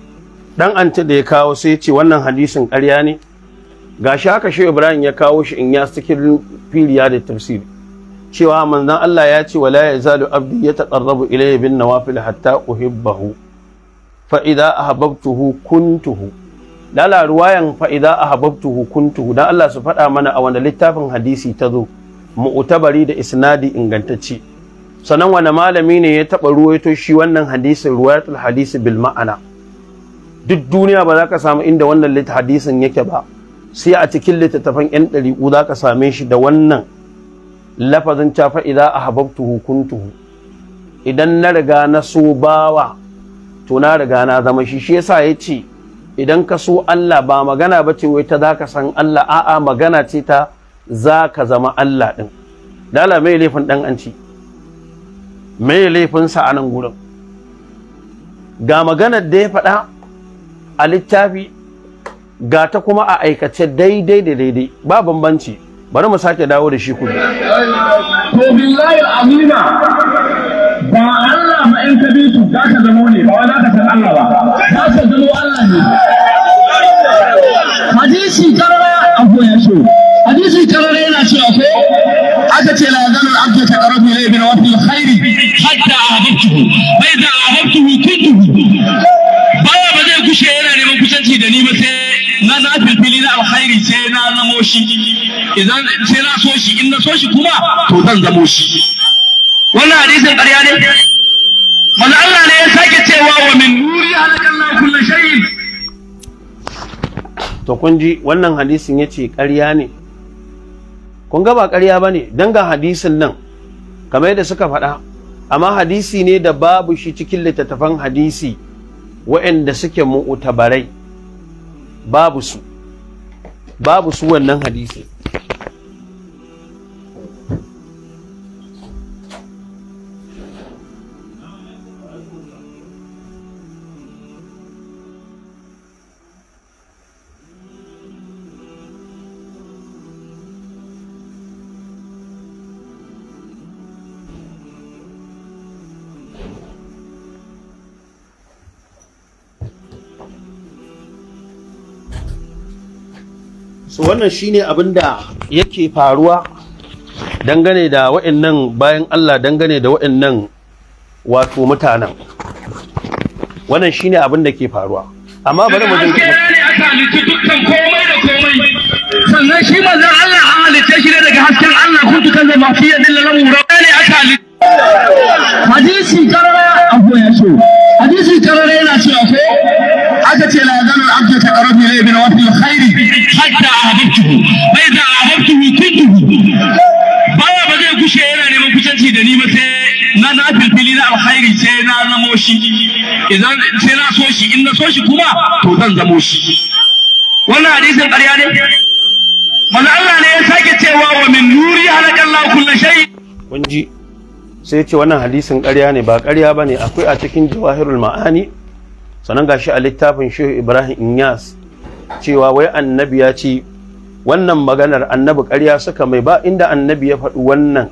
dan anta da ya kawo sai ya ce wannan hadisin ƙarya ne ga shi haka shi Ibrahim ya kawo shi in ya cikin filiya da tafsiri cewa manzon Allah ya ce wala yazalu abdi yataqarrabu ilayya bin nawafil hatta uhibbahu fa tuhu. ahbabtuhu kuntuhu lala ruwayan fa idza ahbabtuhu kuntuhu dan Allah su faɗa mana a wanda littafin hadisi ta zo mu'tabari da isnadi ingantacce sannan wani malami ne ya taɓa ruwaito shi wannan hadisin ruwayatul hadisi bil ma'ana duk duniya ba za ka samu inda wannan lit hadisin yake ba sai a cikin littattafan yan ku za ka same shi da wannan lafazin cafa idza ahbabtuhu kuntuhu idan na riga na so bawa to na riga na zama shi shi yasa ya ce idan ka so Allah ba magana ba ce wai ta za ka san Allah a'a magana ce ta za ka zama Allah ɗin. Dala mai laifin ɗan an mai laifinsa a nan gurin ga maganar da ya faɗa a littafi ga ta kuma a aikace daidai da daidai ba bambanci bari mu sake dawo da shi kudu to billahi amina ba Allah ma in ka bi su za ka zama ne ba za ka san Allah ba za ka zama Allah ne hadisi karara a goya so hadisi karara aka ce la yazalu al-abdu yataqarrabu ilayya bin wafil khairi hatta ahabbtuhu fa idza ahabbtuhu kuntuhu bawa ba zai gushe yana neman kusanci da ni ba sai na na filfili na alkhairi sai na zamo shi idan sai na so shi in na so shi kuma to zan zamo shi wannan hadisin ƙarya ne manzo Allah ne ya sake cewa wa min nuri halakallahu kullu shay'in to kun ji wannan hadisin yace ƙarya ne kun ga ba ƙarya ba ne don ga hadisin nan kamar yadda suka faɗa amma hadisi ne da babu shi cikin littattafan hadisi waɗanda suke mu'utabarai babu su babu su wannan hadisi so wannan shine abin da yake faruwa dangane da wa'annan bayan Allah dangane da wa'annan wato mutanen wannan shine abin da ke faruwa amma bari mu je dukkan komai da sannan shi manzon Allah an halitta shi ne daga hasken Allah kuntu kan zama fi yadin lalahu rabbi ne aka halitta hadisi karara abu ya so Hadisin tarare yana cewa ko aka ce la yazalu al-abdu taqarrabu ilayhi bin wafil khairi hatta ahabbtuhu fa idza ahabbtuhu kuntuhu baya ba zai kushe yana neman kusanci da ni ba sai na na na alkhairi sai na zamo shi sai na so shi in na so shi kuma to zan zamo shi wannan hadisin ƙarya ne manzo Allah ne ya sake cewa wa min nuri halakallahu kullu shay' kun sai ce wannan hadisin ƙarya ne ba ƙarya ba ne akwai a cikin jawahirul ma'ani sannan shi a littafin shehu ibrahim inyas cewa wai annabi ya ce wannan maganar annabi ƙarya suka mai ba inda annabi ya faɗi wannan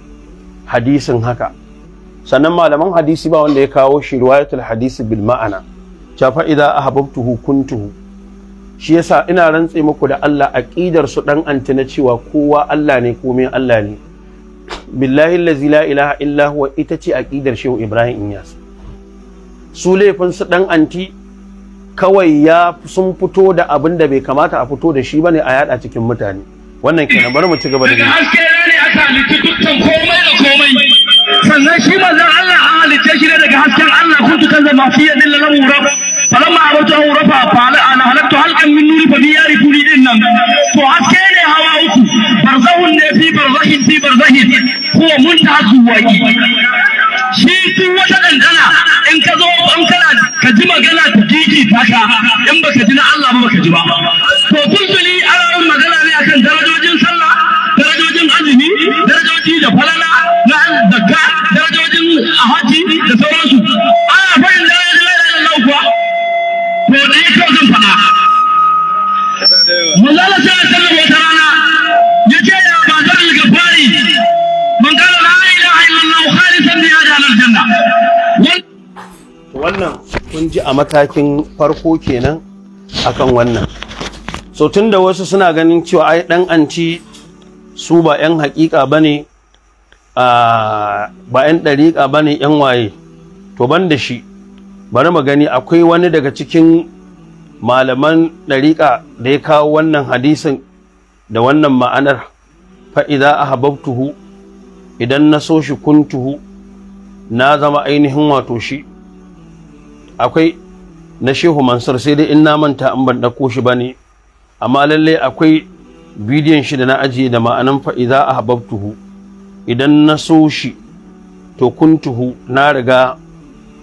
hadisin haka sannan malaman hadisi ba wanda ya kawo shi riwayatul hadisi bil ma'ana cha fa idza ahbabtuhu kuntuhu shi yasa ina rantse muku da Allah aqidar su dan antina cewa kowa Allah ne komai Allah ne billahi allazi la ilaha illa huwa ita ce aqidar shehu ibrahim inyas su laifin su dan anti kawai ya sun fito da abin da bai kamata a fito da shi bane a yada cikin mutane wannan kenan bari mu ci gaba da haske ne aka halitta dukkan komai da komai sannan shi manzon Allah an halitta shi ne daga hasken Allah kuntu kan zama fiye dillan lahu rabb falamma abata urafa fala an halaktu halqan min nuri fa biyari kuli din nan to haske ne hawa uku barzahun ne fi barzahin fi barzahin huwa muntaha zuwaki shi duk wata dandana in ka zo an kana ka ji magana ta jiki ta ka in baka ji na Allah ba baka ji ba to kulli ana magana ne akan darajojin sallah darajojin azumi darajoji da falala na zakka darajojin haji da sauransu ana fahimta wannan kun ji a matakin farko kenan akan wannan so tunda wasu suna ganin cewa ai dan anci su ba 'yan hakika bane a ba 'yan ɗariƙa bane waye to ban da shi bari mu gani akwai wani daga cikin malaman ɗariƙa da ya kawo wannan hadisin da wannan ma'anar fa'iza a hababtuhu idan na so shi kuntuhu na zama ainihin wato shi akwai na shehu mansur sai dai in na manta in ban ɗauko shi ba ne amma lallai akwai bidiyon shi da na ajiye da ma'anan fa'iza a hababtuhu idan na so shi to kuntuhu na riga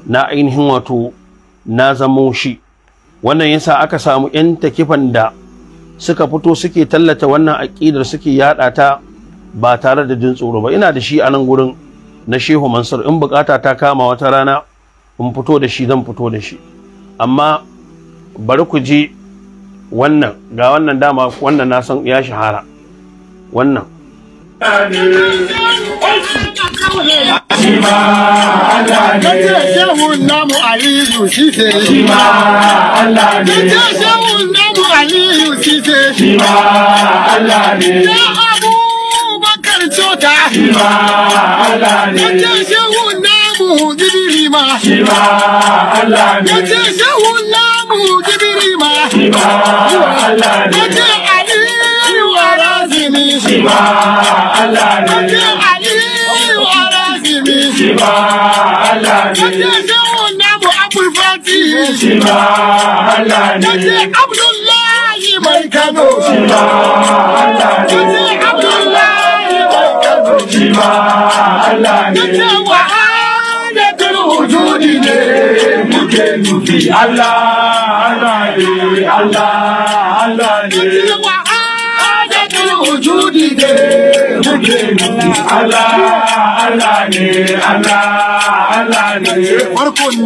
na ainihin wato na zamo shi wannan yasa aka samu yan takifan da suka fito suke tallata wannan aƙidar suke yaɗa ta ba tare da jin tsoro ba ina da shi a nan gurin na shehu mansur in bukata ta kama wata rana in fito da shi zan fito da shi amma bari ku je wannan ga wannan dama wannan na san ya shahara wannan shi ma Allah ne kace shehun namu aliyu shi ce shi ma Allah ne kace shehun namu aliyu shi ce shi ma Allah ne ya abu bakar chota shi ma Allah ne kace shehun namu jibiri ma shi ma Allah ne kace shehun namu jibiri ma shi ma Allah ne kace aliyu wa razimi shi ma Allah ne Shiba Allah ne. Kace shehu namu Abul Fati. Shiba Allah ne. Kace Abdullahi mai Kano. Shiba Allah ne. Kace Abdullahi mai Kano. Shiba Allah ne. Kace wahadatul wujudi ne. Muke nufi Allah Allah ne. Allah Allah ne. Kace wahadatul wujudi ne. suke ni Allah Allah ne Allah Allah ne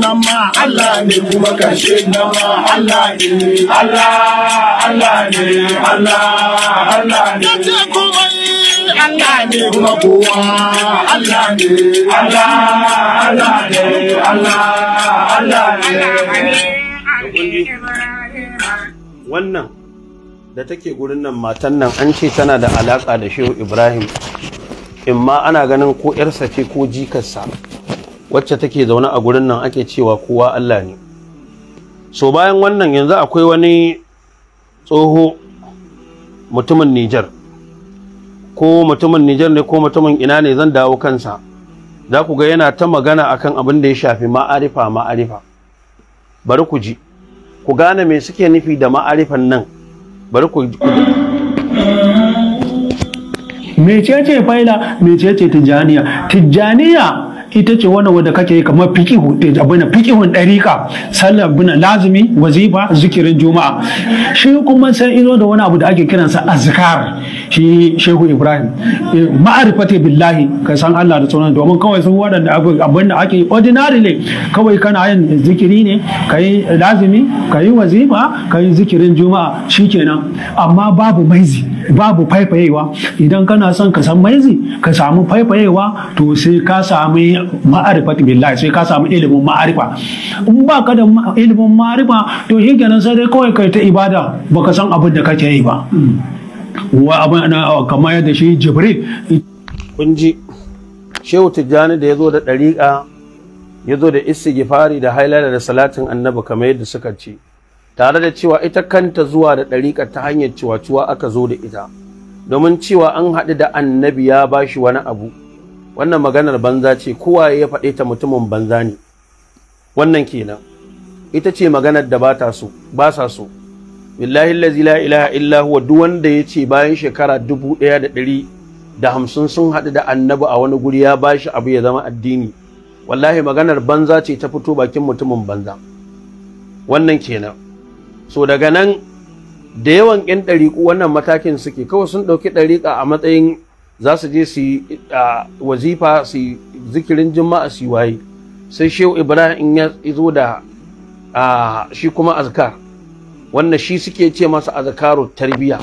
nan ma Allah ne kuma kashe nan ma Allah ne Allah Allah ne Allah Allah ne Allah ne kuma kowa Allah ne Allah Allah ne Allah Allah ne wannan da take gurin nan matan nan an ce tana da alaka da shehu ibrahim imma ana ganin ko yarsa ce ko jikarsa wacce take zaune a gurin nan ake cewa kowa allah ne so bayan wannan yanzu akwai wani tsoho mutumin Niger ko mutumin nijar ne ko mutumin ina ne zan dawo kansa za ku ga yana ta magana akan abin da ya shafi ma'arifa ma'arifa bari ku ji ku gane me suke nufi da ma'arifan nan bari ku mecece faila mecece tijaniya tijjaniya ita ce wannan wanda kake kamar fiqihu eh, abin fiqihun dariqa sallar bin lazimi wazifa zikirin juma'a shi kuma sai izo da wani abu da ake kiran sa azkar shi shehu ibrahim eh, ma'arifati billahi ka san Allah da sunan domin kawai sun waɗanda abin da ake ordinary ne kawai kana yin zikiri ne kai lazimi kai wazifa kai zikirin juma'a kenan. amma babu maizi babu faifayewa idan kana son ka san maizi ka samu faifayewa to sai ka samu ma'arifat billahi sai ka samu ilimin ma'arifa in ba ka da ilimin ma'arifa to shi kenan sai dai kawai kai ta ibada baka san abin da kake yi ba wa abin kamar yadda shi jibril kun shehu tijjani da ya zo da dariƙa ya zo da istighfari da hailala da salatin annabi kamar yadda suka ci. tare da cewa ita kanta zuwa da ɗariƙa ta hanyar ciwaciwa aka zo da ita domin cewa an haɗu da annabi ya ba shi wani abu wannan maganar banza ce kowa ya faɗe ta mutumin banza ne wannan kenan ita ce maganar da ba so ba sa so billahi allazi ilaha illa huwa duk wanda ya ce bayan shekara dubu ɗaya da ɗari da hamsin sun haɗu da annabi a wani guri ya ba shi abu ya zama addini wallahi maganar banza ce ta fito bakin mutumin banza wannan kenan so daga nan da yawan 'yan ɗariƙu wannan matakin suke kawai sun ɗauki ɗariƙa a matsayin za su je su yi wazifa su yi zikirin juma'a su waye sai shehu ibrahim ya zo da shi kuma azkar wannan shi suke ce masa azkaru tarbiya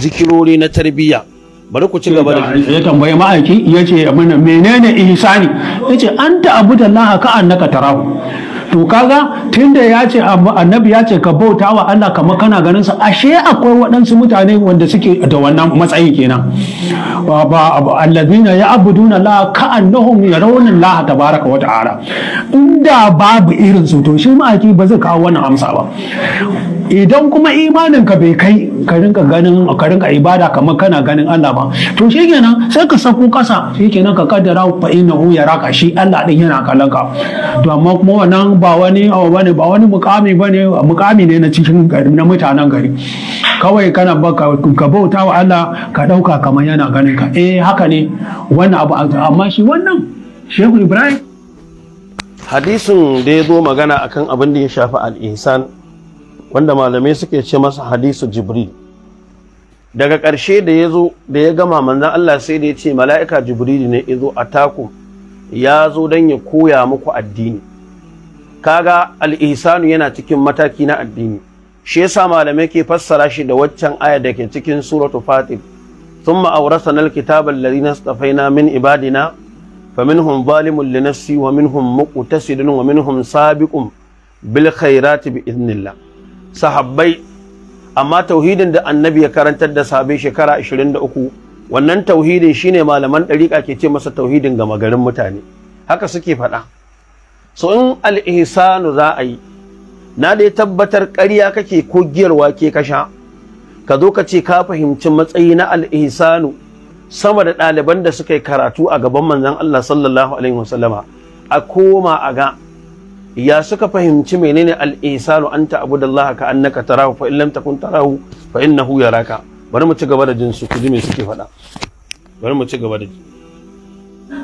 zikirori na tarbiya bari ku ci gaba da ya tambaye ma'aiki ya ce mana menene ihsani ya ce an ta abu da laha ka annaka tarahu to kaga tunda ya ce annabi ya ce ka bauta wa Allah kamar kana ganin sa ashe akwai waɗansu mutane wanda suke da wannan matsayi kenan ba alladina ya abuduna la ka annahum yarawna Allah tabaraka wa ta'ala inda babu irin su to shi ma'aiki ba zai kawo wannan amsa ba idan kuma imanin ka bai kai ka rinka ganin ka rinka ibada kamar kana ganin Allah ba to shikenan sai ka sako kasa shikenan ka kaddara fa innahu yaraka shi Allah din yana kalanka to amma kuma wannan ba wani abu bane ba wani mukami bane mukami ne na cikin na mutanen gari kawai kana baka ka bauta wa Allah ka dauka kamar yana ganin ka eh haka ne wannan abu amma shi wannan Shehu Ibrahim hadisin da ya zo magana akan abin da ya shafi al insan wanda malamai suke ce masa hadisu jibril daga ƙarshe da ya zo da ya gama manzan Allah sai da ya ce mala'ika jibril ne ya zo a taku ya zo don ya koya muku addini kaga al'isanu yana cikin mataki na addini shi yasa malamai ke fassara shi da waccan aya da ke cikin suratu fatim ثم أورثنا الكتاب الذين اصطفينا من عبادنا فمنهم ظالم لنفسه ومنهم مقتصد ومنهم سابق بالخيرات بإذن الله sahabbai amma tauhidin da annabi ya karantar da sahabbai shekara 23 wannan tauhidin shine malaman ɗariƙa ke ce masa tauhidin gama garin mutane haka suke faɗa so in al'ihsanu za a yi na da ya tabbatar ƙarya kake ko giyarwa ke kasha ka zo ka ce ka fahimci matsayi na al'ihsanu sama da ɗaliban da suka yi karatu a gaban manzon Allah sallallahu alaihi wasallama a koma a ga ya suka fahimci menene al an anta Allah ka annaka tarahu fa in lam takun tarahu fa innahu yaraka bari mu ci gaba da jin su ku ji me suke faɗa bari mu ci gaba da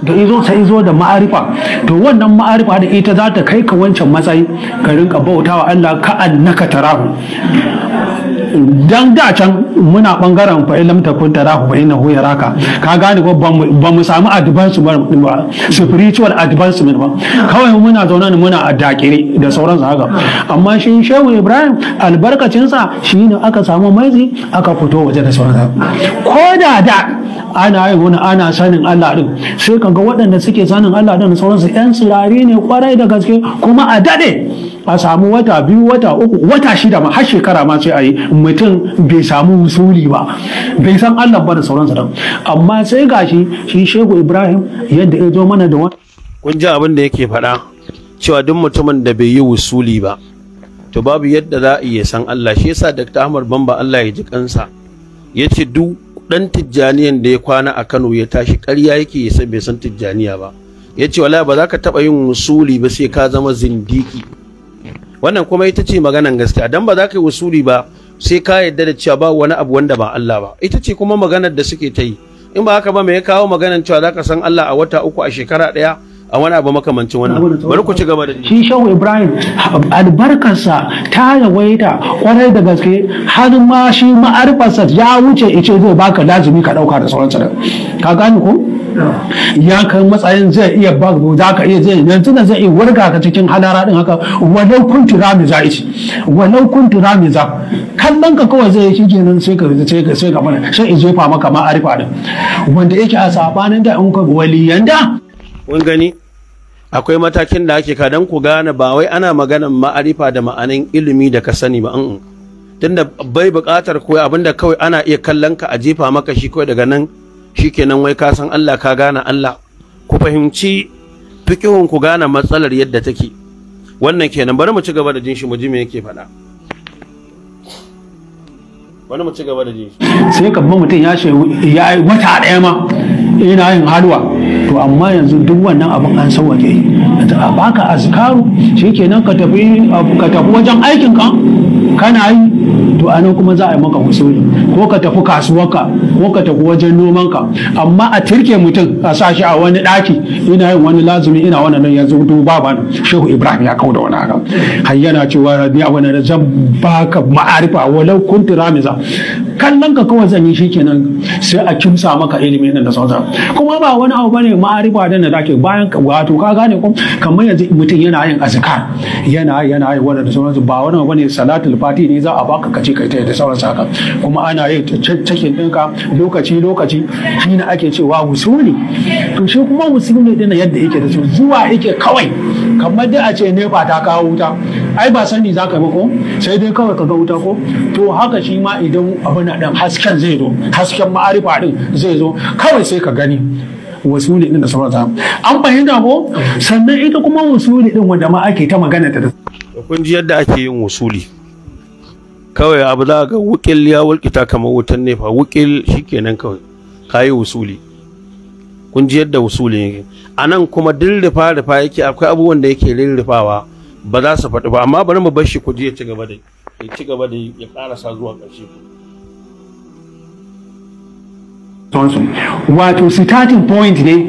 da izo sai zo da ma'arifa to wannan ma'arifa da ita za ta kai ka wancan matsayi ka rinka bautawa Allah ka annaka tarahu dan da can muna bangaren fa lam takun tarahu fa innahu yaraka ka gane ko ba mu samu advancement ba spiritual advancement ba kawai muna zaune ne muna a dakire da sauran haka amma shi shehu ibrahim sa shine aka samu maizi aka fito waje da sauran ko da da ana yin wani ana sanin Allah din sai ga waɗanda suke sanin Allah din su yan sirari ne kwarai da gaske kuma a dade a samu wata biyu wata uku wata shida ma har shekara ma sai a yi mutum bai samu wusuli ba bai san Allah ba da sauransa da amma sai gashi shi Shehu Ibrahim yadda ya zo mana da wani kun ji abin da yake faɗa cewa duk mutumin da bai yi wusuli ba to babu yadda za a iya san Allah shi yasa Dr. Ahmad Bamba Allah ya ji kansa yace duk dan tijjaniyan da ya kwana a Kano ya tashi ƙarya yake ya bai san tijjaniya ba yace wala ba za ka taba yin wusuli ba sai ka zama zindiki wannan kuma ita ce maganan gaskiya dan ba za ka yi wusuli ba sai ka yadda da cewa ba wani abu wanda ba Allah ba ita ce kuma maganar da suke ta yi in ba haka ba mai ya kawo maganar cewa za ka san Allah a wata uku a shekara ɗaya a wani abu makamancin wannan bari ku ci gaba da shi shehu ibrahim albarkarsa ta yawaita kwarai da gaske har ma shi ma'arfarsa ya wuce ice zai baka lazumi ka dauka da sauransa da ka gani ko ya kai matsayin zai iya ba za ka iya zai yanzu da zai iya ka cikin hadara din haka walau kuntu rami za ici walau kuntu rami za kallon ka kawai zai shi kenan sai ka sai ka sai ka mana sai i fa maka ma'arfa din wanda yake a sabanin da in ka waliyan da kun gani akwai matakin da ake kadan ku gane ba wai ana maganan ma'arifa da ma'anin ilimi da ka sani ba tunda bai buƙatar koyi abinda kawai ana iya kallon ka a jefa maka shi kawai daga nan shikenan wai ka san Allah ka gane Allah ku fahimci fikihun ku gane matsalar yadda take wannan kenan bari mu ci gaba da jin shi mu ji me yake faɗa wani mu ci gaba da jin shi sai kamar mutum ya ya wata ɗaya ma yana yin halwa to amma yanzu duk wannan abin an sauwaje a baka azkaru shikenan ka tafi ka tafi wajen aikin ka kana yi to anan kuma za a yi maka husuri ko ka tafi kasuwanka ko ka tafi wajen nomanka amma a turke mutum a sa shi a wani daki ina yin wani lazumi ina wani nan yanzu duba ba shehu ibrahim ya kauda wani haka hayyana cewa rabi a wani zan baka ma'arifa walau kunti ramiza kallon ka kawai zan yi shikenan sai a kimsa maka ilimi nan da sauran kuma ba wani abu bane ma'arifa da na dake bayan wato ka gane ko kamar yanzu mutum yana yin azkar yana yana yin wannan da su ba wani abu bane salatul fati ne za a baka kace kai ta da sauran saka kuma ana yin cikin ɗinka lokaci lokaci shi ne ake cewa wusuli to shi kuma wusuli din yadda yake da su zuwa yake kawai kamar da a ce nefa ta kawo wuta ai ba sani za ka yi ko sai dai kawai ka ga wuta ko to haka shi ma idan abu dan hasken zai zo hasken ma'arifa din zai zo kawai sai ka gani wasuli din da ta an fahimta ko sannan ita kuma wasuli din wanda ma ake ta magana ta kun ji yadda ake yin wasuli kawai abu za ga wukil ya wulkita kamar wutan nefa wukil shikenan kawai kayi wasuli kun ji yadda wasuli yake a nan kuma dirrifa rifa yake akwai abubuwan da yake rirrifawa ba za su faɗi ba amma bari mu bar shi ku je ya ci gaba da ya ci gaba da ya ƙarasa zuwa ƙarshe sauransu wato starting point ne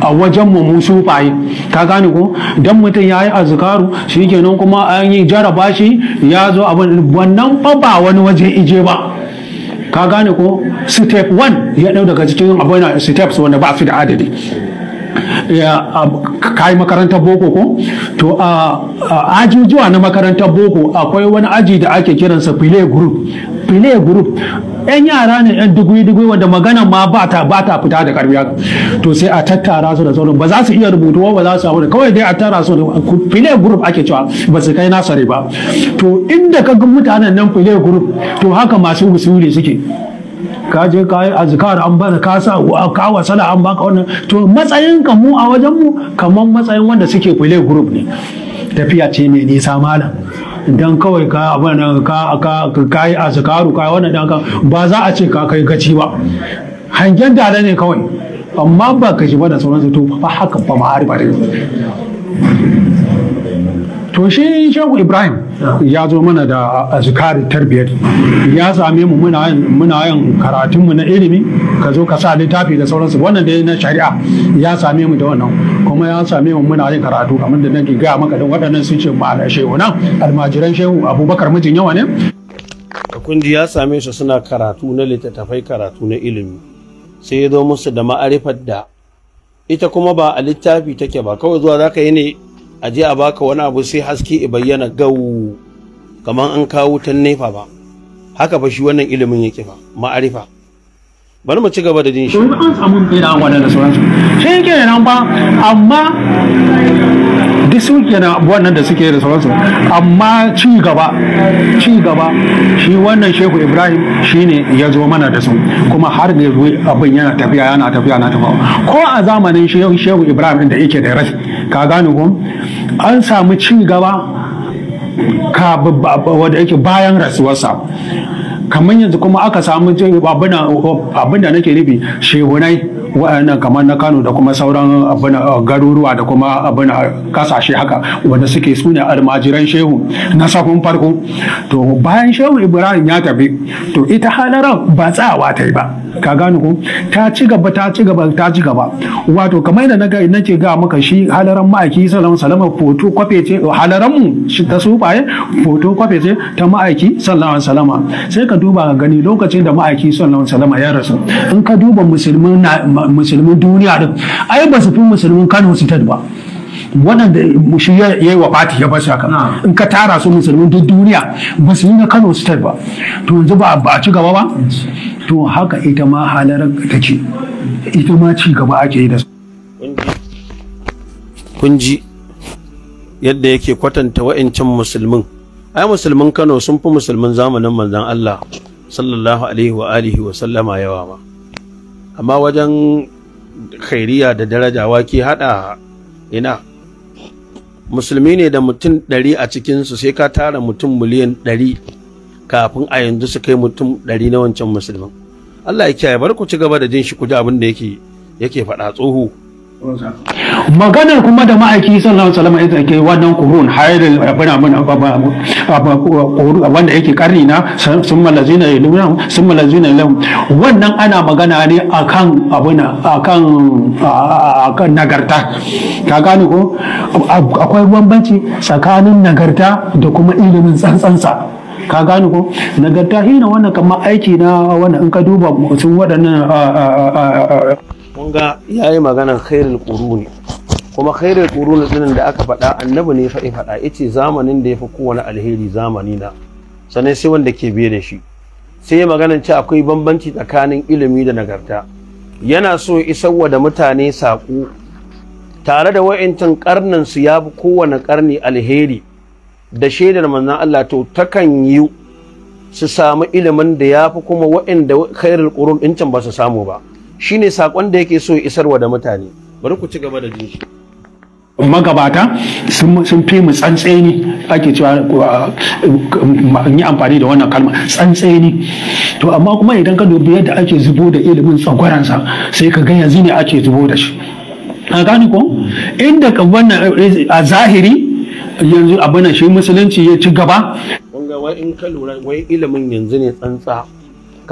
a wajen mu mu sufaye ka gane ko dan mutum ya yi azkaru shikenan kuma an yi jaraba shi ya zo abin wannan fa ba wani waje ije ba ka gane ko step 1 ya dau daga cikin abin steps wanda ba su da adadi ka yi makarantar boko ko to a ajujuwa na makarantar boko akwai wani aji da ake kiransa file group play guruf, yan yara ne yan digwi-digwi wanda magana ma ba ta fita da karfi to sai a tattara su da sauran ba za su iya rubutu ba za su abu kawai dai a tara su da play group ake cewa ba su kai nasari ba to inda ka ga mutanen nan play group to haka masu wusuli suke ka je ka yi azkar an bada ka sa ka wasala an baka wannan to matsayin ka mu a wajen mu kamar matsayin wanda suke play group ne tafiya ce mai nisa malam dan kawai ka abin ka ka ka yi azkaru ka wannan dan ba za a ce ka kai gaci ba hangen da ne kawai amma ba ka shi ba da sauransu to ba haka ba ma'arifa to shi shehu ibrahim ya zo mana da azkari tarbiyyar. ya same mu muna yin karatun na ilimi ka zo ka sa littafi da sauransu wannan dai na shari'a ya same mu da wannan kuma ya same mu muna yin karatu kamar da nake ga maka da waɗannan sun ce ma'ana shehu nan almajiran shehu abubakar mijin yawa ne kundi ya same su suna karatu na littattafai karatu na ilimi sai ya zo musu da ma'arifar da ita kuma ba a littafi take ba kawai zuwa za ka yi ne a je a baka wani abu sai haske i bayyana gau kamar an kawo ta nefa ba haka fa shi wannan ilimin yake fa ma'arifa bari mu ci gaba da jin shi an samu bida wanda da sauransu shi yake nan ba amma duk su na wannan da suke da sauransu amma ci gaba ci gaba shi wannan shehu ibrahim shine ya zo mana da su kuma har da abin yana tafiya yana tafiya na tafawa, ko a zamanin shehu ibrahim da yake da rasu. ka gane ko an samu ci gaba ka wadda yake bayan rasuwarsa kamar yanzu kuma aka samu abin da nake nufi shehunai wa'annan kamar na Kano da kuma sauran abin uh, garuruwa da kuma abin uh, kasashe haka wanda suke sune almajiran shehu na sakon farko to bayan shehu Ibrahim ya tafi to ita halaran ba tsawa ta yi ba ka gane ko ta ci gaba ta ci gaba ta ci gaba wato kamar da naga nake ga maka shi halaran ma'aiki sallallahu alaihi wasallam foto kwafe ce halaran mu shi ta sufaye foto kwafe ce ta ma'aiki sallallahu alaihi wasallam sai ka duba ka gani lokacin da ma'aiki sallallahu alaihi wasallam ya rasu in ka duba musulmin musulmin duniya din ai ba su fi musulmin Kano State ba waɗanda shi ya yi wa fati ya basu haka in ka tara su musulmin duk duniya ba su yi na Kano State ba to yanzu ba a ci gaba ba to haka ita ma halar ce ita ma ci gaba ake yi da su kun ji yadda yake kwatanta wa'incin musulmin ai musulmin Kano sun fi musulmin zamanin manzon Allah sallallahu alaihi wa alihi wa sallama yawa ma amma wajen khairiya da darajawa ke hada ina musulmi ne da mutum ɗari a cikinsu sai ka tara mutum miliyan ɗari kafin a yanzu su kai mutum ɗari na wancan musulmin Allah ya kiyaye bar ku ci gaba da jin shi kuji ji abin da yake yake faɗa tsoho maganar kuma da ma'aiki sallallahu alaihi wasallam ita ke wannan kurun hayrul abin abin wanda yake karni na sun malazina ilmuna sun malazina ilm wannan ana magana ne akan abin akan akan nagarta ka gane ko akwai bambanci tsakanin nagarta da kuma ilimin tsantsansa ka gane ko nagarta hina wannan kamar aiki na wannan in ka duba sun waɗannan kun ga yayi maganar khairul quruni kuma khairul quruni din da aka faɗa annabi ne faɗi faɗa yace zamanin da yafi kowane alheri zamani na sannan sai wanda ke biye da shi sai ya maganar ce akwai bambanci tsakanin ilimi da nagarta yana so isarwa da mutane saƙo tare da wa'incin karnin su ya fi kowane karni alheri da shaidar manzon Allah to takan yi su samu ilimin da ya fi kuma wa'inda khairul qurun din can ba su samu ba shine sakon da yake so isarwa da mutane bari ku ci gaba da jin magabata sun fi mu tsantseni ake cewa uh, yi amfani da wannan kalma tsantseni to amma kuma idan ka dubi yadda ake zubo da ilimin sa sai ka ga yanzu ne ake zubo da shi a gani ko inda ka wannan a zahiri yanzu abin shi musulunci ya ci gaba wai in ka lura wai ilimin yanzu ne tsantsa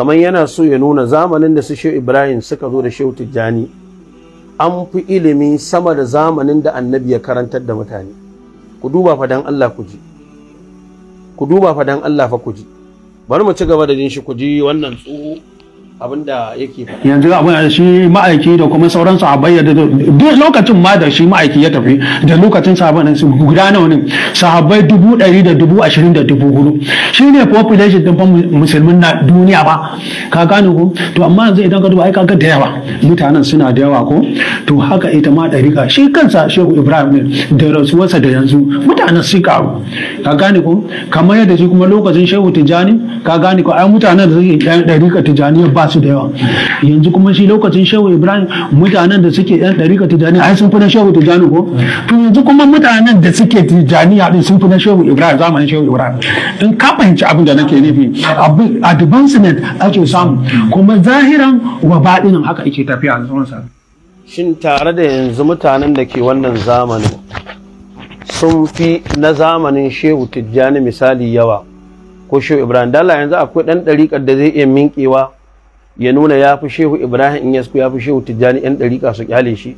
kamar yana so ya nuna zamanin da su shi ibrahim suka zo da shehu tijjani an fi ilimi sama da zamanin da annabi ya karantar da mutane ku duba fa dan Allah ku ji ku duba fa dan Allah fa ku ji bari mu ci gaba da jin shi ku ji wannan tsoho abinda yake yanzu abin shi ma'aiki da kuma sauran sahabbai da duk lokacin ma da shi ma'aiki ya tafi da lokacin sahabbai su guda nawa ne sahabbai dubu ɗari da dubu ashirin da dubu hudu shi ne population din musulmin na duniya ba ka gane ko to amma yanzu idan ka duba ai kaga da yawa mutanen suna da yawa ko to haka ita ma ɗarika shi kansa shehu ibrahim ne da rasuwarsa da yanzu mutanen sun karu ka gane ko kamar yadda shi kuma lokacin shehu tijjani ka gane ko ai mutanen da suke ɗarika tijjani ba su da yawa yanzu kuma shi lokacin shehu ibrahim mutanen da suke yan ɗarika tijani ai sun fi na shehu tijani ko to yanzu kuma mutanen da suke tijani a sun fi na shehu ibrahim zamanin shehu ibrahim in ka fahimci abin da nake nufi abin advancement ake samu kuma zahiran wa baɗinin haka ake tafiya a sa. shin tare da yanzu mutanen da ke wannan zamanin sun fi na zamanin shehu tijjani misali yawa ko shehu ibrahim dala yanzu akwai ɗan ɗariƙar da zai iya minkewa ya nuna ya fi shehu ibrahim in yasku ya fi shehu tijjani yan ɗariƙa su kyale shi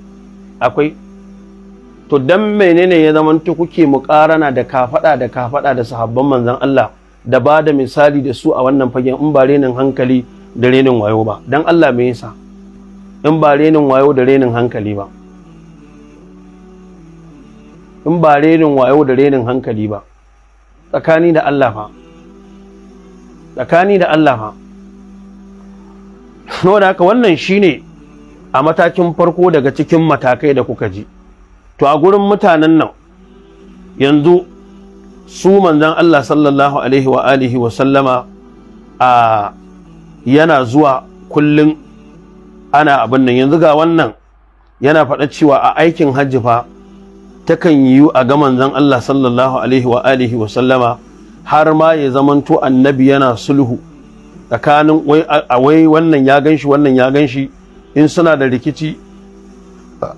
akwai to dan menene ya ta kuke muƙarana da kafaɗa da kafaɗa da sahabban manzon Allah da ba da misali da su a wannan fagen in ba renin hankali da renin wayo ba dan Allah me yasa in ba renin wayo da renin hankali ba in ba renin wayo da renin hankali ba tsakani da Allah fa tsakani da Allah fa saboda haka wannan shine a matakin farko daga cikin matakai da kuka ji to a gurin mutanen nan yanzu su manzan Allah sallallahu alaihi wa alihi wa sallama a yana zuwa kullum ana abin nan yanzu ga wannan yana faɗa cewa a aikin hajji fa takan yiwu a ga manzan Allah sallallahu alaihi wa alihi wa sallama har ma ya zamanto annabi yana sulhu tsakanin wai wannan ya ganshi wannan ya ganshi in suna da rikici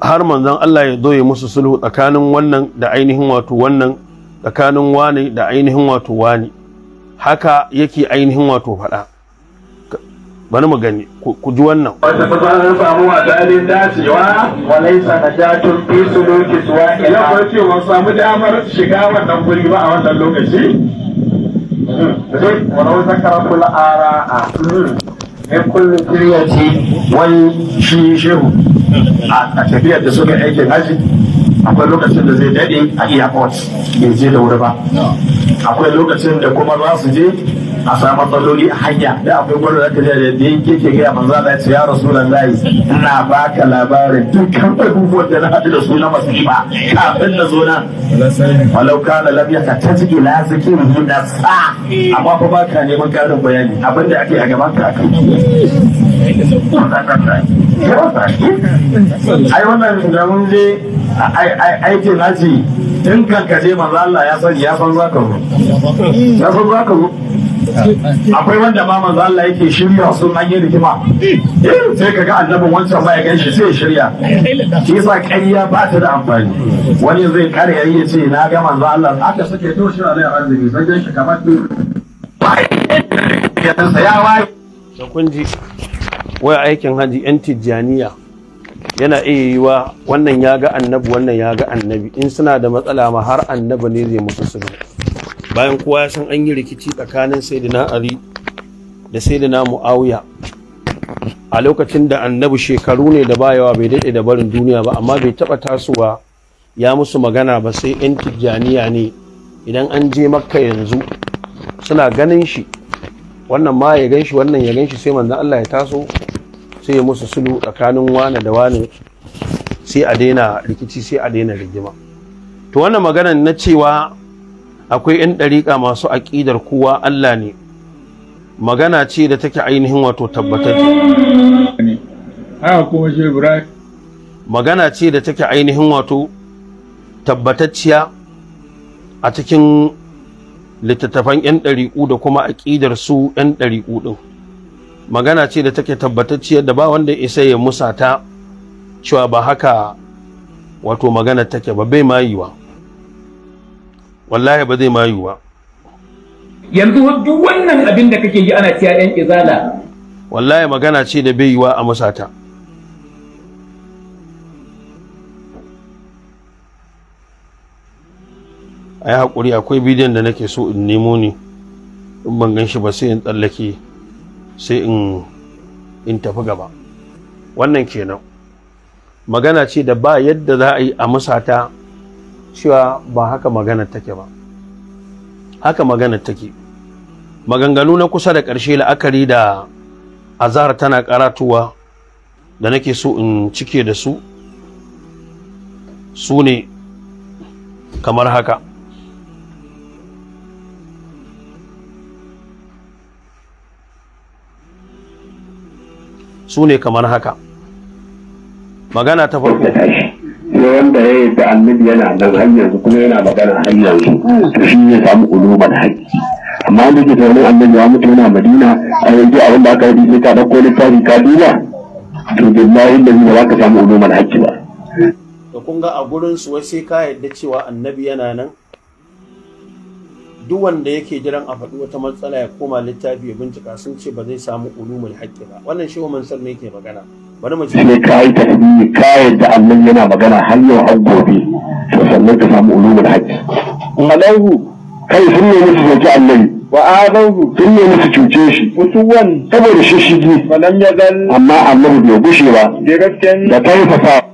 har manzon Allah ya doye musu sulhu tsakanin wannan da ainihin wato wannan tsakanin wani da ainihin wato wani haka yake ainihin wato faɗa bari mu gani ku ji wannan wata fasarar samu a dalilin dacewa walai sanajatun fi suluki suwa ila ko ce mun samu damar shiga wannan guri ba a wannan lokaci zai walau zakara kula ara a ne kullum kiryaci wani shi shehu a tafiyar da suka aikin haji akwai lokacin da zai daɗe a airport bai je da wuri ba akwai lokacin da kuma za su je a samu matsaloli a hanya da akwai gwada da tafiya da ya ke gaya manzo Allah ce ya na ina baka labarin dukkan abubuwan da na haɗu da su na masifa kafin na zo nan walau kana lam yakataji ke mu na sa amma fa ka neman karin bayani da ake a gaban ka akan ai wannan da mun je aikin ce tun kan kaje manzo Allah ya san ya san zaka zo ya san zaka zo akwai wanda ma manzo Allah yake shirya sun an yi rigima sai ka ga annabin wancan ba ya gan shi sai shirya shi yasa ƙarya ba ta da amfani wani zai kare yayi ce na ga manzo Allah aka suke to shi ya arziki sai gan shi kamar da kun ji wai aikin haji yan tijjaniya yana iya yi wa wannan ya ga annabi wannan ya ga annabi in suna da matsala ma har annabi ne zai mutu sulhu bayan kowa ya san an yi rikici tsakanin sayyidina ali da sayyidina muawiya a lokacin da annabi shekaru ne da bayawa bai daɗe da barin duniya ba amma bai taɓa tasowa ya musu magana ba sai 'yan tijjaniya ne idan an je makka yanzu suna ganin shi wannan ma ya ganshi wannan ya ganshi sai manzan Allah ya taso sai ya musu sulu tsakanin wane da wane sai a daina rikici sai a daina rigima to wannan maganan na cewa akwai 'yan ɗariƙa masu aƙidar kowa Allah ne magana ce da take ainihin wato tabbatar magana ce da take ainihin wato tabbatacciya a cikin littattafan 'yan ɗariƙu da kuma aƙidar su 'yan ɗariƙu ɗin magana ce da take tabbatacciya da ba wanda isa ya musata cewa ba haka wato magana take ba bai mayewa wallahi ba zai mayu ba yanzu duk wannan abin da kake yi ana ciya yan izala wallahi magana ce da bai yiwa a musata a yi haƙuri akwai bidiyon da nake so in nemo ne in ban ganshi shi ba sai in tsallake sai in in tafi gaba wannan kenan magana ce da ba yadda za a yi a musata cewa ba haka maganar take ba haka maganar take maganganu na kusa da ƙarshe la'akari da azar tana karatuwa da nake so in cike da su su ne kamar haka su ne kamar haka magana ta farko ne wanda ya yi da annabi yana nan har yanzu kuma yana magana har yanzu to shi ne samu uluman haƙƙi amma wanda ke zaune annabi ya mutu yana madina a yanzu abin da aka yi sai ka ɗauko littafi ka duba to billahi da ba ka samu uluman haƙƙi ba. to kun ga a gurin su wai sai ka yarda cewa annabi yana nan duk wanda yake jiran a faɗi wata matsala ya koma littafi ya bincika sun ce ba zai samu ulumul haƙƙi ba wannan shi wannan ne yake magana bari mu ji ne kai ta ni kai da Allah yana magana har yau har gobe to sannan ka samu ulumul haƙƙi malahu kai sun ne musu soki Allah wa adahu sun ne musu cuce shi mutuwan saboda shishigi falam yazal amma Allah bai gushe ba da gaskiya da taifafa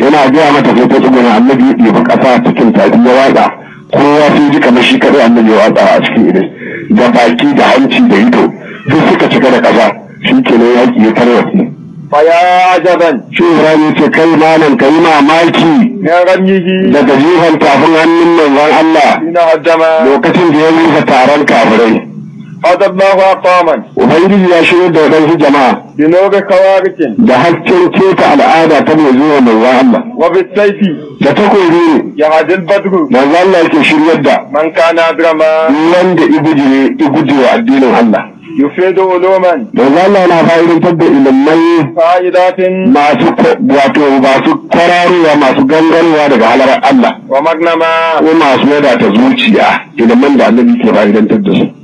yana gaya mata sai ta tsuguna annabi ya ɗiba ƙasa cikin tafi ya watsa kowa sun ji kamar shi kaɗai annabi ya watsa a cikin idan da baki da hanci da ido sun suka cika da ƙasa shi ke nan yaƙi ya tarwatsi. faya jaban. shi ibrahim ce kai malam kai mamaki. ya ji. daga jihar tafin hannun manzon allah. ina haddama. lokacin da ya rufe taron kafirai. hada bawa kwaman ubangiji ya shirya da wadansu jama'a di noga kawarikin da hakkin keta al'ada ta mai zuwa mai zuwa Allah wa bisaifi da takwari ne ya hadin badru da zalla ke shiryar yadda. man kana drama nan da ibiji ne ibiji wa addinin Allah yufedu uluman da zalla na fa'idin tabbe ilmai fa'idatin masu wato masu kwararuwa masu gangarwa daga halar Allah wa magnama ko masu yada ta zuciya ilmai da annabi ke fa'idantar da su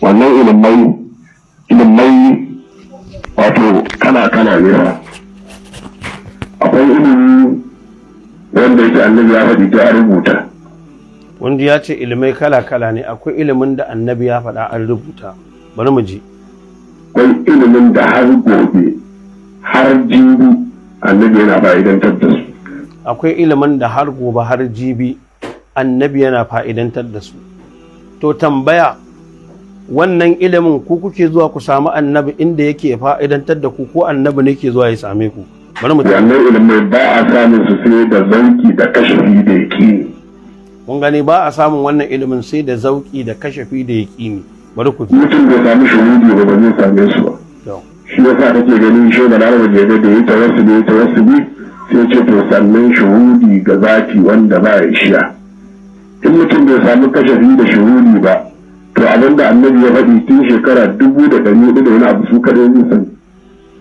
wannan ilimai ilimai wato kana kana ne akwai ilimi wanda yake annabi ya faɗi ta rubuta wanda ya ce ilimai kala kala ne akwai ilimin da annabi ya faɗa an rubuta bari mu ji akwai ilimin da har gobe har jibi annabi yana fa'idantar da su akwai ilimin da har gobe har jibi annabi yana fa'idantar da su to tambaya wannan ilimin ku kuke zuwa ku samu annabi inda yake fa'idantar da ku ko annabi ne ke zuwa ya same ku bari mu wannan ilimin ba a samun su sai da zauki da kashafi da yaƙini kun gani ba a samun wannan ilimin sai da zauki da kashafi da yaƙini bari ku mutum bai sami shuhudi ba ba zai same su ba shi yasa kake ganin shi da larabar jere da ya tawassu da ya tawassu bi sai ce to sannan shuhudi ga zaki wanda ba ya shiya in mutum bai sami kashafi da shuhudi ba to abin da annabi ya faɗi tun shekara dubu da ɗari hudu da wani abu su kaɗai zai sani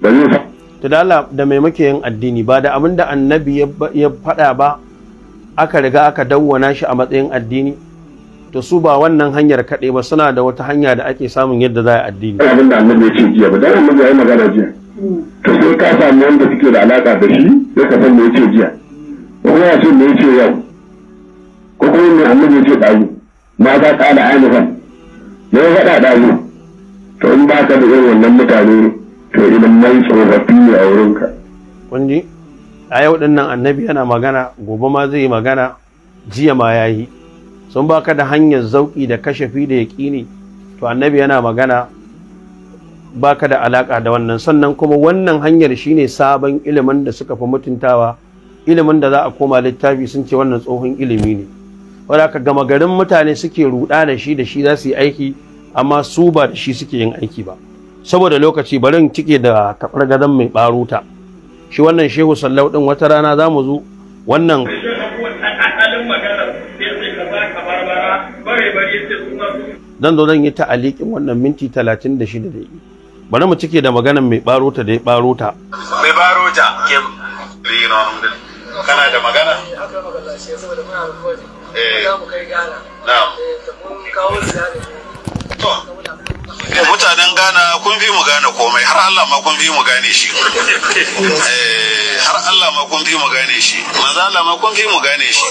da zai sani. da Allah da mai muke yin addini ba da abin da annabi ya faɗa ba aka riga aka dawwana shi a matsayin addini to su ba wannan hanyar kaɗai ba suna da wata hanya da ake samun yadda za a addini abin da annabi ya ce jiya ba dan annabi ya yi magana jiya to sai ka samu wanda suke da alaka da shi sai ka san me ya ce jiya ko ya ce me ya ce yau ko kuma me annabi ya ce ɗayu. ma za ka ala ainihin na faɗa ɗazu to in ba ka da irin wannan mutane to idan nan tsofaffi ne a wurinka. ka. a yau ɗin nan annabi yana magana gobe ma zai yi magana jiya ma ya yi sun ba ka da hanyar zauƙi da kashafi da yaƙini to annabi yana magana ba ka da alaƙa da wannan sannan kuma wannan hanyar shine sabon ilimin da suka fi mutuntawa ilimin da za a koma littafi sun ce wannan tsohon ilimi ne. wadda ka gama garin mutane suke ruɗa da shi da shi za su yi aiki amma su ba da shi suke yin aiki ba saboda lokaci barin cike da kafar gadon mai baruta shi wannan shehu sallau din wata rana za mu zo wannan Zan zo zan yi ta'alikin wannan minti 36 da yi bari mu cike da maganan mai baruta da ya baruta mai baruta kana da magana Eh, za mu kai gana. Na'am. Eh, mun kawo ziyara. To. Eh, mutanen Ghana kun fi mu gane komai har Allah ma kun fi mu gane shi eh, har Allah ma kun fi mu gane shi manzo Allah ma kun fi mu gane shi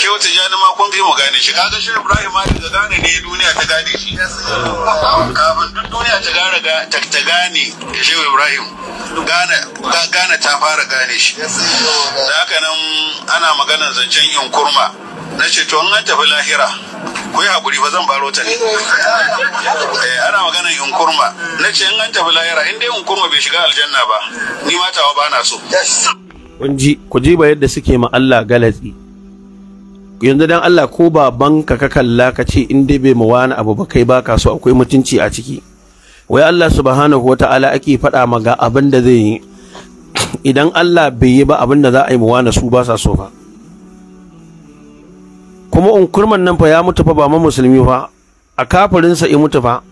shehu tijani ma kun fi mu gane shi kaga shi Ibrahim ma da gane ne duniya ta gane shi kafin duk duniya ta gane ta gane shehu Ibrahim gane ta fara gane shi da haka nan ana maganar zancen in kurma na ce to an tafi lahira ku yi haƙuri ba zan baro ta ne eh, ana magana in kurma na ce in an tafi lahira in dai in kurma bai shiga aljanna ba ni ma tawa ba na so kun ji ku ji ba yadda suke ma Allah galatsi yanzu dan Allah ko baban ka ka kalla ka ce in dai bai mu wani abu ba kai baka so akwai mutunci a ciki wai Allah subhanahu wataala ake faɗa ma ga abin da zai yi idan Allah bai yi ba abin da za a yi mu wani su ba sa so ba kuma unkurman nan fa ya mutu fa ba ma musulmi fa a kafirinsa ya mutu fa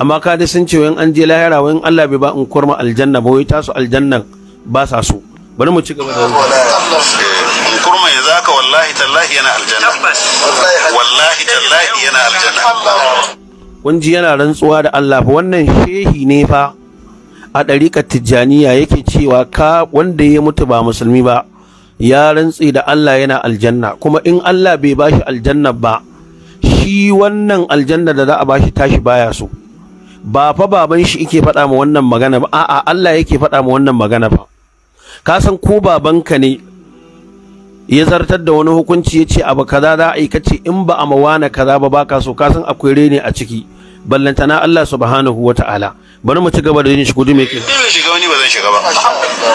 amma ka da sun ce wayan an je lahira wayan Allah bai ba in kurma aljanna ba wai tasu aljannan ba sa so bari mu ci gaba da in eh, kurma ya zaka wallahi tallahi yana aljanna wallahi tallahi yana aljanna kun ji yana rantsuwa da Allah fa wannan shehi ne fa a dariƙar tijjaniya yake cewa ka wanda ya mutu ba musulmi ba ya rantsi da Allah yana aljanna kuma in Allah bai bashi aljanna ba shi wannan aljanna da za a bashi tashi baya so ba fa baban shi yake faɗa ma wannan magana ba a'a Allah yake faɗa ma wannan magana ba ka san ko babanka ne ya zartar da wani hukunci ya ce abu kaza za a yi kace in ba a mawana kaza ba baka so ka san akwai rene a ciki ballantana Allah subhanahu wa ta'ala bari mu ci gaba da yin shi gudu mai kai irin shiga wani ba zan shiga ba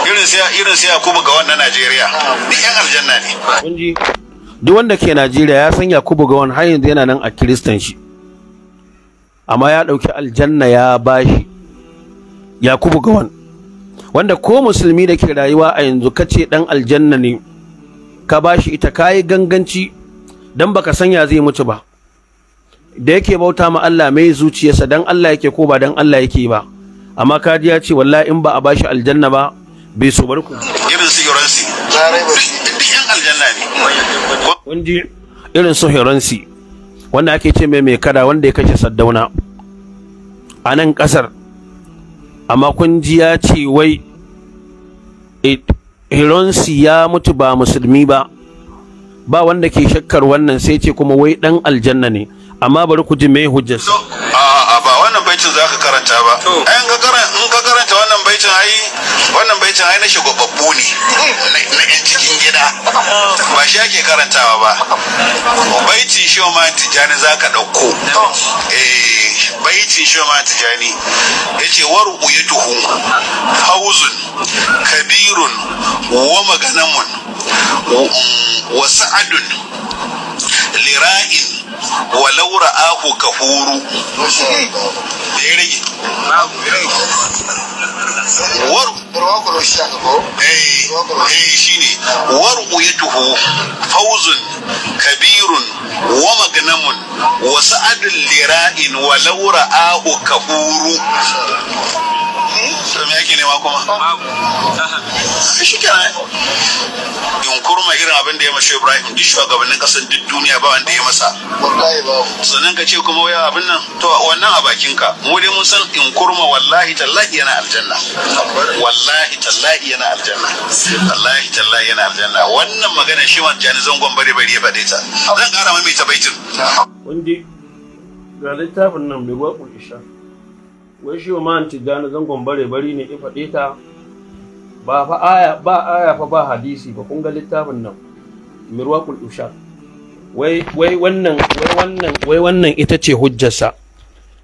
irin sai irin sai Yakubu ga wannan Najeriya duk yan aljanna ne duk wanda ke Najeriya ya san Yakubu ga wannan har yanzu yana nan a kristanci shi amma ya ɗauki aljanna ya bashi yakubu gawan wanda ko musulmi da ke rayuwa a yanzu kace dan aljanna ne ka bashi ita kayi ganganci dan baka sanya zai mutu ba da yake bauta ma Allah mai zuciyarsa dan Allah yake ko ba dan Allah yake ba amma kaji ya ce wallahi in ba a bashi aljanna ba bai so barku irin su yoransi duk yan aljanna ne irin su yoransi wanda ake ce mai mai kada wanda ya kashe saddauna a nan ƙasar amma kun ji ya ce wai hironsi ya mutu ba musulmi ba ba wanda ke shakkar wannan sai ce kuma wai dan aljanna ne amma bari ku ji mai hujjar a ba wannan baitin zaka karanta ba ga baitin ai wannan baitin ai na shugababbu ne na yan cikin gida ba shi ake karantawa ba baitin shi ma tijani za ka ɗauko eh, baitin shi ma tijani ya ce war uyatuhu hauzun kabirun wa maganamun wa sa'adun ra'in walau ra'ahu kahuru da ya rage war eh, eh shine war uyatuhu fawzun kabirun wa magnamun wa sa'adun lira'in walau ra'ahu kahuru ma kuma shi kenan yunkurin mai irin abin da ya mashi ibrahim duk shugabannin kasan duk duniya ba wanda ya masa sannan ka ce kuma waya abin nan to wannan a bakin ka mu dai mun san in kurma wallahi tallahi yana aljanna wallahi tallahi yana aljanna wallahi tallahi yana aljanna wannan magana shi ma jani zangon bare bare ya faɗe ta zan ƙara mai ta baitin wanda ga littafin nan mai waƙul isha wai shi man tijjani zangon bare bari ne ya faɗe ta ba fa aya ba aya fa ba hadisi ba kun ga littafin nan mirwaqul ushar wai wai wannan wai wannan wai wannan ita ce hujjarsa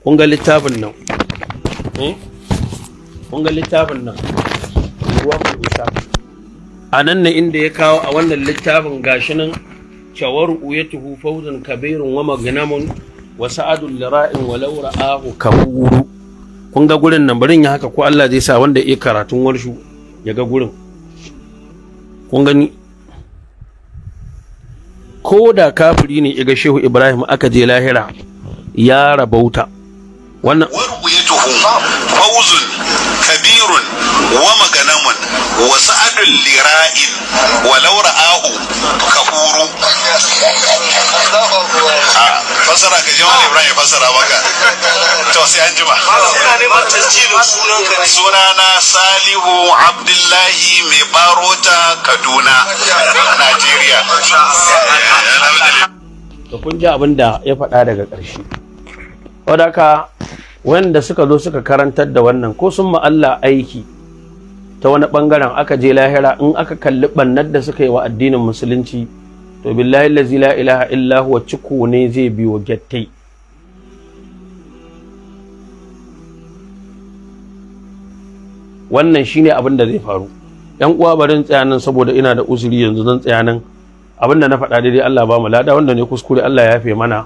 kun ga littafin nan eh kun ga littafin nan mirwaqul ushar a nan ne inda ya kawo a wannan littafin gashi nan shawaru uyatuhu fawzan kabirun wa magnamun wa sa'adul lira'in walau ra'ahu kahuru kun ga gurin nan barin ya haka ko Allah zai sa wanda ya karatun warshu ya ga gurin kun gani ko da kafiri ne ga shehu ibrahim aka je lahira ya rabauta wannan fawzun kabirun wa maganamun wa wailul lira'in walau ra'ahu kahuru fasara ka ah, ji wani ibrahim fasara maka to sai an jima na salihu abdullahi mai barota kaduna najeriya Da kun ji abin da ya faɗa daga ƙarshe wadaka wanda suka zo suka karantar da wannan ko sun ma Allah aiki ta wani bangaren aka je lahira in aka kalli bannar da suka yi wa addinin musulunci to billahi lazi la ilaha illa huwa ciko ne zai biyo gyattai wannan shine abin da zai faru yan uwa barin tsayanin saboda ina da uzuri yanzu zan tsayanin abin da na faɗa daidai Allah ba mu lada wanda ne kuskure Allah ya yafe mana